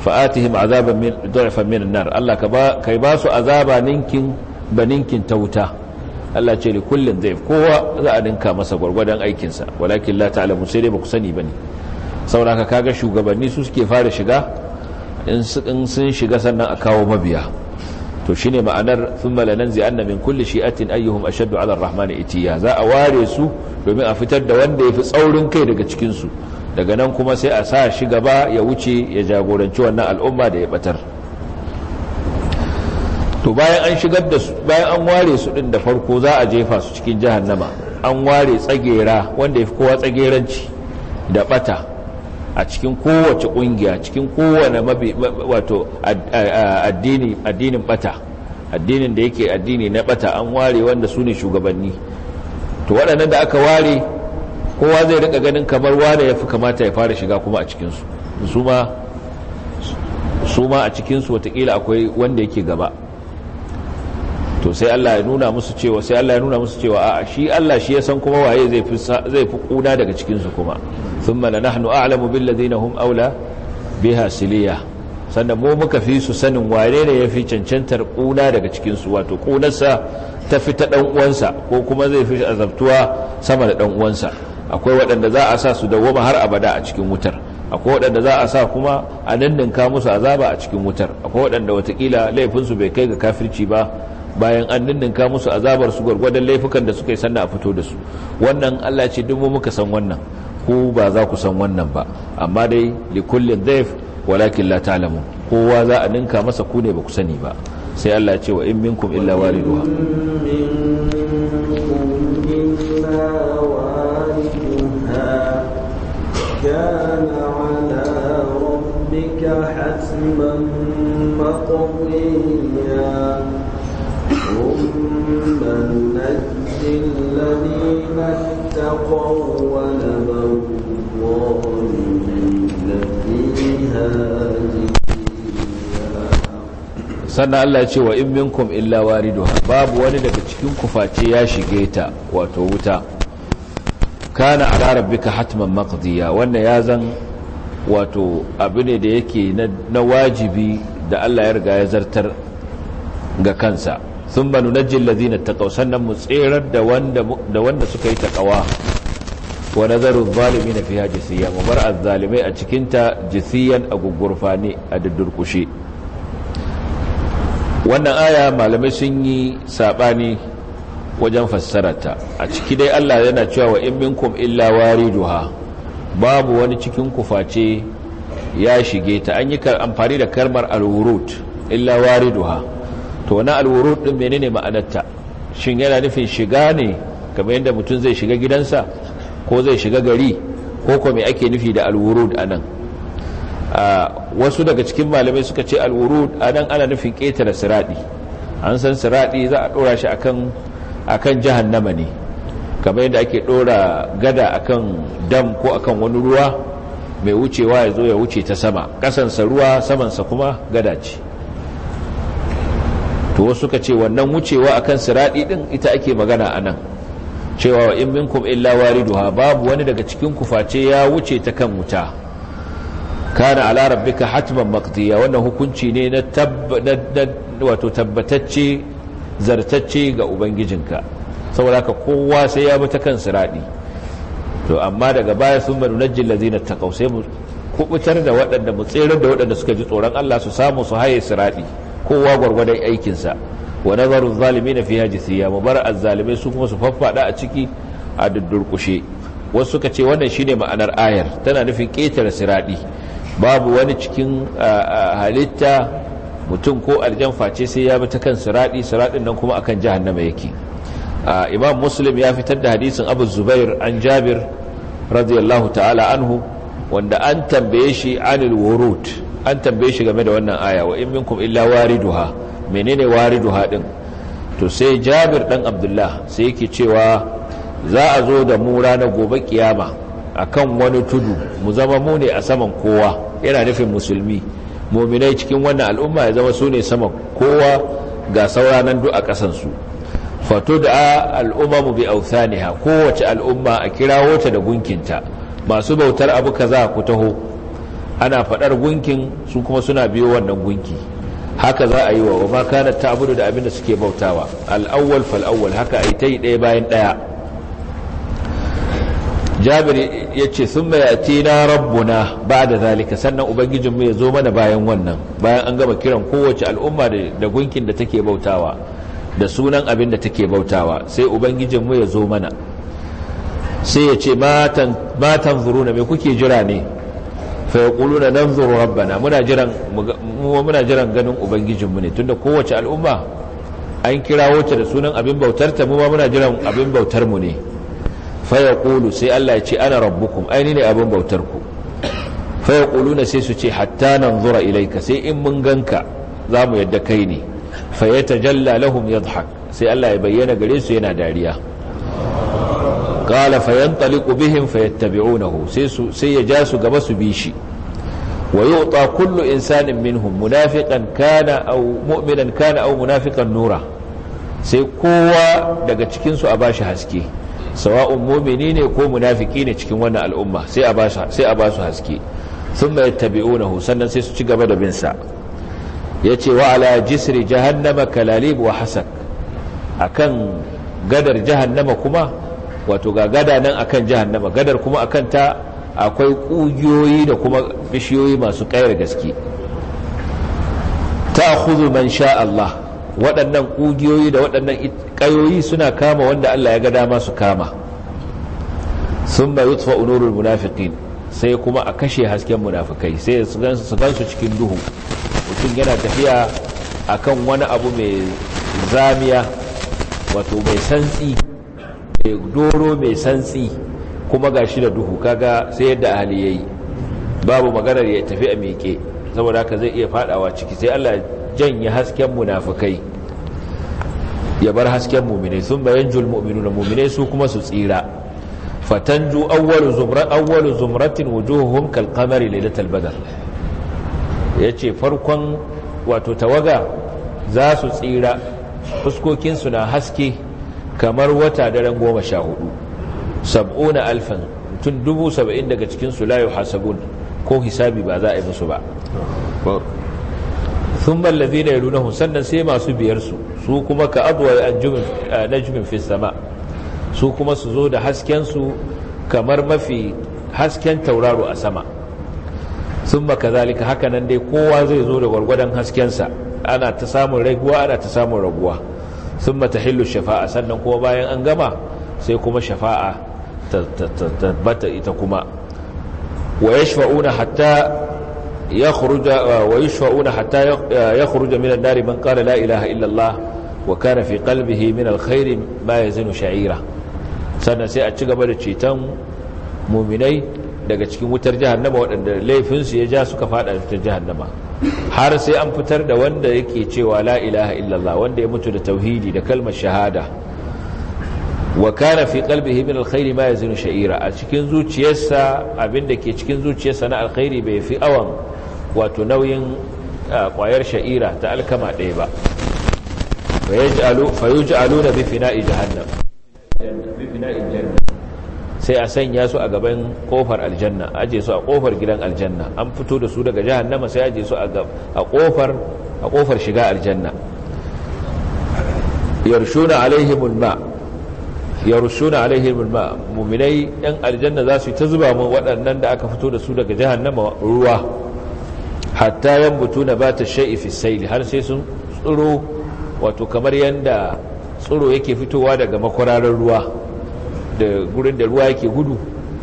fa'atihim azaban min du'fan min nar Allah ka ba kai ba su azaba ninkin baninkin ta wuta Allah ce li kullin zai kowa za a dinka masa gwargwadon aikinsa walakin la ta'lamu sai dai ba ku sani bane saboda kaga shugabanni su suke fara shiga in sun shiga sannan a kawo mabiya to shine ma'anar thumma lananzi anna min kulli shi'atin ayyuhum ashaddu 'ala ar-rahmani itiya za a ware su domin a fitar da wanda yafi tsaurin kai daga cikin su daga nan kuma sai a sa shi gaba ya wuce ya jagoranci wannan al'umma da ya batar to bayan an shigar da su bayan an ware su din da farko za a jefa su cikin jahannama an ware tsagera wanda yafi kowa tsageranci da bata a cikin kowace kungiya cikin kowane wato addinin bata addinin da yake addini na bata an ware wanda su ne shugabanni to waɗannan da aka ware kowa zai rika ganin kamar wane ya fi kamata ya fara shiga kuma a cikinsu su ma a cikinsu watakila akwai wanda yake gaba to sai Allah ya nuna musu cewa sai Allah ya nuna musu cewa a'a shi Allah shi ya san kuma waye zai fi kuna daga cikinsu kuma thumma la nahnu a'lamu bil ladina hum aula biha siliya sannan mu muka fi su sanin wane ne yafi cancantar kuna daga cikin su wato kunarsa ta fi ta dan uwansa ko kuma zai fi azabtuwa sama da dan uwansa akwai waɗanda za a sa su dawwama har abada a cikin wutar akwai waɗanda za a sa kuma a ninninka musu azaba a cikin wutar akwai waɗanda watakila laifinsu bai kai ga kafirci ba bayan an ninninka musu azabar su gwargwadon laifukan da suka yi sannan a fito da su wannan allah ce dubu muka san wannan ku ba za ku san wannan ba amma dai likullin kullin walakin la ta'lamun kowa za a ninka masa ku ne ba ku sani ba sai Allah ya ce wa in minkum illa waliduha كان على ربك حتما مقضيا sannan Allah ce wa in minkum illa wariduha babu wani daga cikin kuface ya shige ta wato wuta kana ala bika hatman maqdiya wannan ya zan wato abu ne da yake na wajibi da Allah ya riga ya zartar ga kansa sun ba nunajjin lazina taƙau sannan mu tserar da wanda suka yi taƙawa wa nazarin zalimi na fiya jisiya mu bar azzalimai a cikinta jisiyan a ne a durkushe wannan aya malamai sun yi saɓani wajen fassararta a ciki dai allah yana cewa wa in minkum illa duha babu wani cikin kuface ya shige ta an yi amfani da kalmar alwurut illa duha. to wani alwurud din menene ma'anarta shin yana nufin shiga ne kamar yadda mutum zai shiga gidansa ko zai shiga gari ko kuma me ake nufi da a anan wasu daga cikin malamai suka ce alwurud anan ana nufin ƙetare siradi an san siradi za a dora shi akan akan jahannama ne kamar yadda ake dora gada akan dam ko akan wani ruwa mai wucewa ya zo ya wuce ta sama kasansa ruwa samansa kuma gada ce to wasu suka ce wannan wucewa akan siradi din ita ake magana anan cewa in minkum illa wariduha babu wani daga cikin ku face ya wuce ta kan wuta kana ala rabbika hatman maqdiya wannan hukunci ne na wato tabbatacce zartacce ga ubangijinka saboda haka kowa sai ya bi ta kan siradi to amma daga baya sun manu najjin lazina taqaw sai mu kubutar da waɗanda mu tserar da waɗanda suka ji tsoron Allah su samu su haye siradi kowa gwargwadon aikinsa wa nazaru zalimina fiha jithiya mubar azzalimai su kuma su faffada a ciki a duddurkushe wasu suka ce wannan shine ma'anar ayar tana nufin ƙetare siraɗi babu wani cikin halitta mutum ko aljan face sai ya bi ta kan siraɗi siraɗin nan kuma akan jahannama yake imam muslim ya fitar da hadisin abu zubair an jabir radiyallahu ta'ala anhu wanda an tambaye shi anil wurud an tambaye shi game da wannan aya wa in minkum illa wariduha menene wariduha din to sai Jabir dan Abdullah sai yake cewa za a zo da mu ranar gobe kiyama akan wani tudu mu zama mu ne a saman kowa yana nufin musulmi muminai cikin wannan al'umma ya zama su ne sama kowa ga sauranan duk a kasan su fato da mu bi authaniha kowace al'umma a kirawo ta da gunkinta masu bautar abu kaza ku taho ana faɗar gunkin su kuma suna biyo wannan gunki haka za a yi wa na ta ta'budu da abinda suke bautawa al-awwal haka awwal haka ai tai ɗaya bayan ɗaya Jabir yace thumma na rabbuna ba da zalika sannan ubangijin mu zo mana bayan wannan bayan an gama kiran kowace al'umma da gunkin da take bautawa da sunan abin da take bautawa sai ubangijin mu yazo mana sai yace matan matan zuruna me kuke jira ne fa yaquluna nanzuru rabbana muna jiran muna jiran ganin ubangijinmu ne tunda kowace al'umma an kirawo ta da sunan abin bautar ta muma muna jiran abin bautar mu ne faya yaqulu sai Allah ya ce ana rabbukum aini ne abin bautar ku fa yaquluna sai su ce hatta nanzura ilaika sai in mun ganka zamu yadda kai ne fa jalla lahum yadhhak sai Allah ya bayyana gare su yana dariya qala fayantaliqu bihim fayattabi'unahu sai su sai ya ja su gaba su bi shi wa yu'ta kullu insanin minhum munafiqan kana aw mu'minan kana aw munafiqan nura sai kowa daga cikin su a bashi haske sawa'un mu'mini ne ko munafiki ne cikin wannan al'umma sai a bashi sai a basu haske thumma yattabi'unahu sannan sai su ci gaba da bin sa yace wa ala jisri jahannama kalalib wa hasak akan gadar jahannama kuma wato ga gada nan akan jahannama gadar kuma akan ta akwai ƙugiyoyi da kuma bishiyoyi masu ƙayar gaske ta huzu man sha Allah waɗannan ƙugiyoyi da waɗannan ƙayoyi suna kama wanda Allah ya ga dama su kama sun ba yutfa unurul munafiqin sai kuma a kashe hasken munafikai sai su gansu su cikin duhu mutum yana tafiya akan wani abu mai zamiya wato mai santsi doro mai santsi kuma ga shi da duhu kaga sai yadda hali ya yi babu maganar ya tafi a miƙe saboda haka zai iya fadawa ciki sai allah janye hasken munafukai ya bar hasken muminai sun bayan jul muminu na muminai su kuma su tsira fatanju awwalu zumra awwalu zumratin wujuhuhum kal qamari badr yace farkon wato tawaga za su tsira fuskokin su na haske kamar wata daren goma sha hudu sab'una alfan tun dubu saba'in daga cikinsu layu hasabun ko hisabi ba za a yi musu ba sun ballazi na yaru sannan sai masu biyarsu su kuma ka abuwa na jumin fi sama su kuma su zo da haskensu kamar mafi hasken tauraro a sama sun maka zalika hakanan dai kowa zai zo da gwargwadon haskensa ana ta samun raguwa ana ta samun raguwa sun mata hillu shafa'a sannan kuma bayan an gama sai kuma shafa'a tabbata ita kuma wa ya shafa'una hatta ya kuruja minan nari man kala la ilaha illallah wa kana fi kalbihi minal khairi ma ya zinu sha'ira sannan sai a ci gaba da ceton muminai daga cikin wutar jahannama waɗanda laifinsu ya ja suka fada wutar jahannama har sai an fitar da wanda yake cewa la ilaha illallah wanda ya mutu da tauhidi da kalmar shahada wa kana fi qalbihi min alkhairi ma yazinu sha'ira a cikin zuciyarsa abinda ke cikin zuciyarsa na alkhairi bai fi awan wato nauyin kwayar sha'ira ta alkama ɗaya ba fa yaj'alu fa yuj'aluna bi fina'i jahannam bi fina'i jahannam sai a sanya su a gaban kofar aljanna aje su a kofar gidan aljanna an fito da su daga jahannama sai aje su a kofar a kofar shiga aljanna yarshuna alaihimul ma yarshuna alaihimul ma mu'minai yan aljanna za su ta zuba mu waɗannan da aka fito da su daga jahannama ruwa hatta yambutu nabata shay'i fi sayl har sai sun tsuro wato kamar yanda tsuro yake fitowa daga makwararar ruwa da gurin da ruwa yake gudu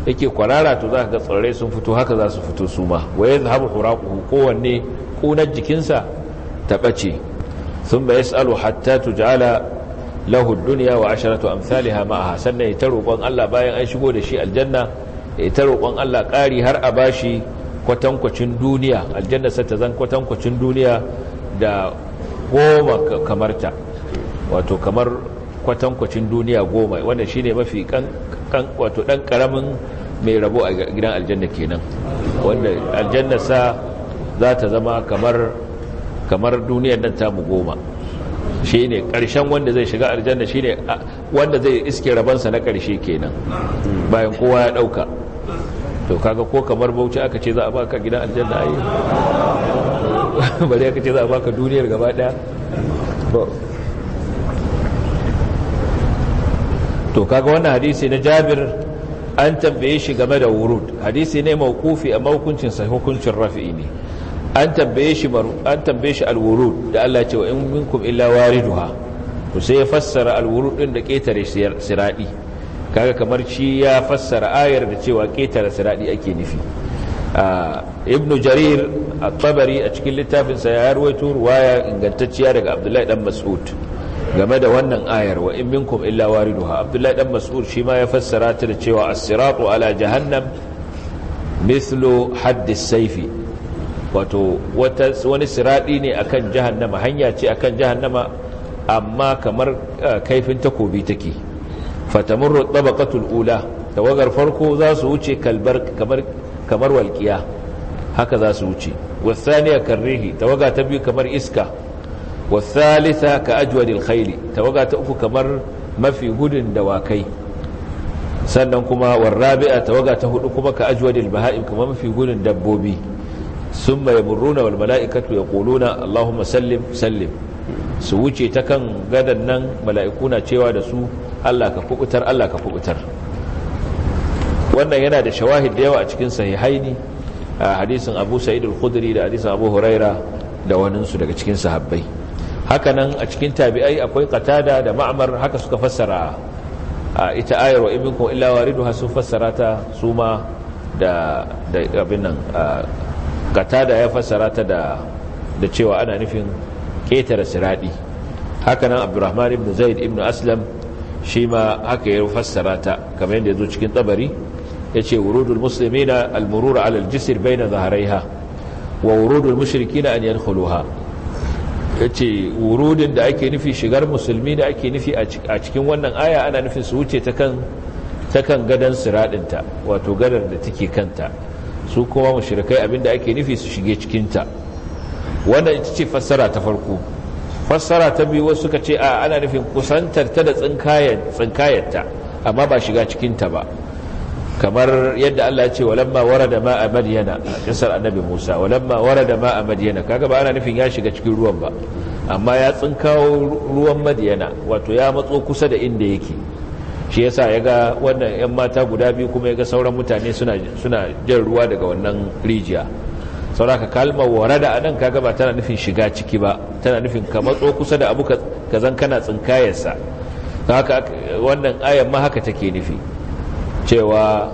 yake kwarara to za ka ga tsirrai sun fito haka za su fito su ma za ya zahabu ku kowanne ƙunar jikinsa ta bace. sun ba yas'alu hatta tuj'ala lahu dunya wa asharatu amsalha ma'aha sannan ya ta roƙon Allah bayan an shigo da shi aljanna ya ta roƙon Allah ƙari har a bashi kwatankwacin duniya aljanna sa ta zan kwatankwacin duniya da goma kamarta wato kamar kwatankwacin duniya goma wanda shi ne mafi wato ɗan ƙaramin mai rabo a gidan aljanna kenan wanda aljanna sa za ta zama kamar kamar duniyar nan tamu goma shi ne ƙarshen wanda zai shiga aljanna shi ne wanda zai iske rabansa na ƙarshe kenan bayan kowa ya ɗauka to kaga ko kamar bauchi aka ce za a baka gidan aljanna a yi bari aka ce za a baka duniyar gaba ɗaya to kaga wannan hadisi na jabir an tambaye shi game da wurud hadisi ne mawqufi a hukuncin hukuncin rafi'i ne an tambaye shi an tambaye shi da Allah ce wa in minkum illa wariduha to sai ya fassara al din da ketare siradi kaga kamar shi ya fassara ayar da cewa ketare siradi ake nufi ibnu jarir at-tabari a cikin littafinsa ya rawaito ruwaya ingantacciya daga abdullahi dan mas'ud game da wannan ayar wa in minkum illa wariduha abdullahi dan mas'ud shi ma ya fassara ta da cewa as-siratu ala jahannam mithlu hadd as-sayfi wato wata wani siradi ne akan jahannama hanya ce akan jahannama amma kamar eh, kaifin takobi take fatamurru tabaqatul ula tawagar farko za su wuce kalbar kamar kamar walqiya haka za su wuce wasaniya karrihi tawaga ta biyu kamar iska wasalisa ka ajwadil khaili tawaga ta uku kamar mafi gudun dawakai sannan kuma warrabi'a tawaga ta hudu kuma ka ajwadil baha'im kamar mafi gudun dabbobi summa yamurruna wal mala'ikatu yaquluna allahumma sallim sallim su wuce ta kan gadan nan mala'iku na cewa da su Allah ka kubutar Allah ka kubutar wannan yana da shawahid da yawa a cikin sahihaini a hadisin Abu Sa'id al-Khudri da hadisin Abu Huraira da waninsu daga cikin sahabbai hakanan a cikin tabi'ai akwai qatada da ma'mar haka suka fassara ita ayar wa ibnkum illa wariduha sun fassara ta suma da da abin nan qatada ya fassara ta da da cewa ana nufin ketare siradi hakanan abdurrahman ibn zaid ibn aslam shi ma haka ya fassara ta kamar yadda ya zo cikin tabari ya ce wurudul muslimina al-murur ala al-jisr bayna dhahrayha wa wurudul mushrikina an yadkhuluha ce wurudin da ake nufi shigar musulmi da ake nufi a cikin wannan aya ana nufin su wuce ta kan gadon wato gadar da take kanta su kuma mushrikai abinda ake nufi su shige cikinta wannan ita ce fassara ta farko fassara ta biyu wasu suka ce a ana nufin kusantar ta da tsinkayenta amma ba shiga cikinta ba kamar yadda Allah ya ce walamma warada ma a madyana a kisar annabi Musa walamma warada ma a madyana kaga ba ana nufin ya shiga cikin ruwan ba amma ya tsinkawo ruwan madyana wato ya matso kusa da inda yake shi yasa ya ga wannan yan mata guda biyu kuma ya ga sauran mutane suna suna jin ruwa daga wannan rijiya sauraka kalmar warada anan kaga ba tana nufin shiga ciki ba tana nufin ka matso kusa da abu ka zan kana tsinkayarsa haka wannan ayan ma haka take nufi cewa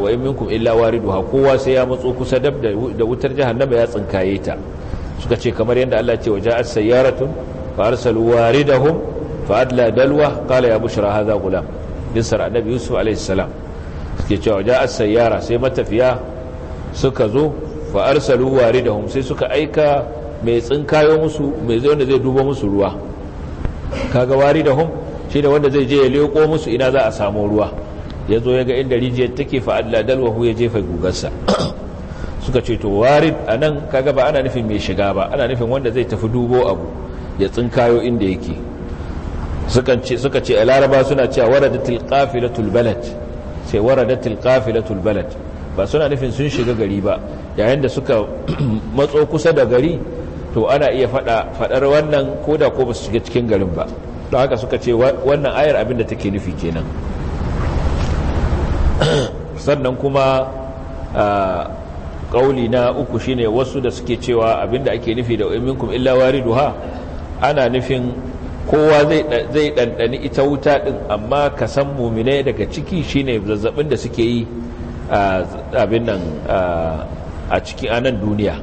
wa yin minkum illa ha kowa sai ya matso kusa dab da wutar jahannama ya tsinkaye ta suka ce kamar yadda Allah ce wa ja'at sayyaratun fa arsalu waridahum fa adla dalwa qala ya bushra hadha gulam sar annabi yusuf alaihi salam suke cewa ja'at sayyara sai matafiya suka zo fa arsalu waridahum sai suka aika mai tsinkayo musu mai zai wanda zai duba musu ruwa kaga waridahum shi da wanda zai je ya leko musu ina za a samu ruwa ya zo ya ga inda rijiyar take fa'adla dalwahu ya jefa gugarsa suka ce to warid a nan kaga ba ana nufin mai shiga ba ana nufin wanda zai tafi dubo abu ya tsinkayo inda yake suka ce a laraba suna cewa tilkafi da tulbalat sai tilkafi da tulbalat ba suna nufin sun shiga gari ba yayin da suka matso kusa da gari to ana iya fadar wannan ko da ko ba su shiga cikin garin ba don haka suka ce wannan ayar abin da take nufi kenan sannan kuma kauli na uku shine wasu da suke cewa abinda ake nufi da minkum illa duha ana nufin kowa zai ɗanɗani ita wuta ɗin amma ka san mumine daga ciki shine zazzabin da suke yi abin nan a ciki anan duniya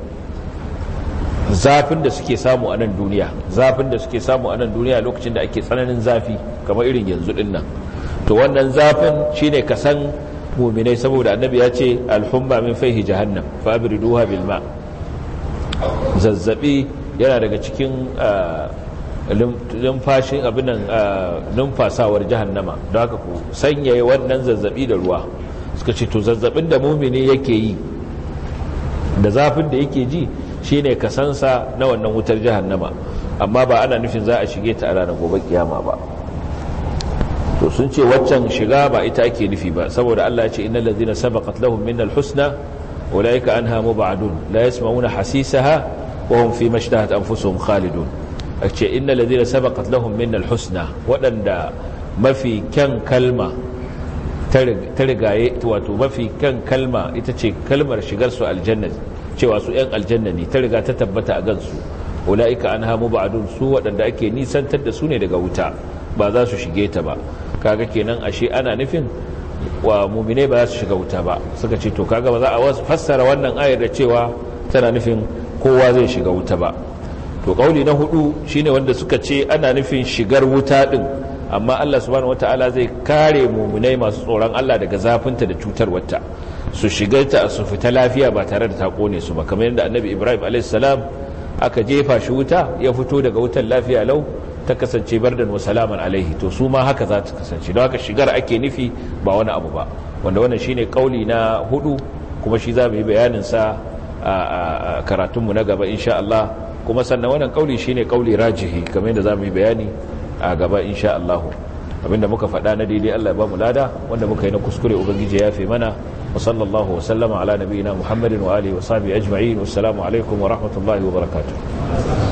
zafin da suke samu a nan duniya zafin da suke samu a duniya lokacin da ake tsananin zafi kamar irin yanzu ɗin nan to wannan zafin shine ka san muminai saboda annabi ya ce alhumma min faihi jahannam fa abriduha bil ma zazzabi yana daga cikin numfashin ah, abinan numfasawar ah, jahannama don haka ku sanyaye wannan zazzabi da ruwa suka ce to zazzabin da mumini yake yi da zafin da yake ji shine ka kasansa na wannan wutar jahannama amma ba ana nufin za a shige ta a ranar gobe kiyama ba to sun ce waccan shiga ba ita ake nufi ba saboda Allah ya ce innal ladhina sabaqat lahum minnal husna ulaika anha mubadun la yasma'una hasisaha wa hum fi mashtahat anfusuhum khalidun ce innal ladhina sabaqat lahum minnal husna wadanda mafi kyan kalma ta rigaye wato mafi kan kalma ita ce kalmar shigar su aljanna cewa su yan aljanna ne ta riga ta tabbata a gansu ula'ika an hamu ba'adun su wadanda ake nisantar da su ne daga wuta ba za su shige ta ba kaga kenan ashe ana nufin wa mumine ba za su shiga wuta ba suka ce to kaga ba za a fassara wannan ayar da cewa tana nufin kowa zai shiga wuta ba to kauli na hudu shine wanda suka ce ana nufin shigar wuta din amma Allah subhanahu wataala zai kare muminai masu tsoron Allah daga zafinta da wata su shiga ta su fita lafiya ba tare da ta kone su ba kamar yadda annabi Ibrahim alaihi salam aka jefa shi wuta ya fito daga wutar lafiya lau ta kasance bardan wa salaman alaihi to su ma haka za ta kasance don haka shigar ake nufi ba wani abu ba wanda wannan shine kauli na hudu kuma shi za mu yi bayanin sa a karatunmu na gaba insha Allah kuma sannan wannan kauli shine kauli rajihi kamar yadda za mu yi bayani a gaba insha Allah abinda muka faɗa na daidai Allah ya ba mu lada wanda muka yi na kuskure ubangiji ya fi mana wa sallallahu wa sallama ala nabiyina muhammadin wa alihi wa sahbihi ajma'in wassalamu alaikum wa rahmatullahi wa barakatuh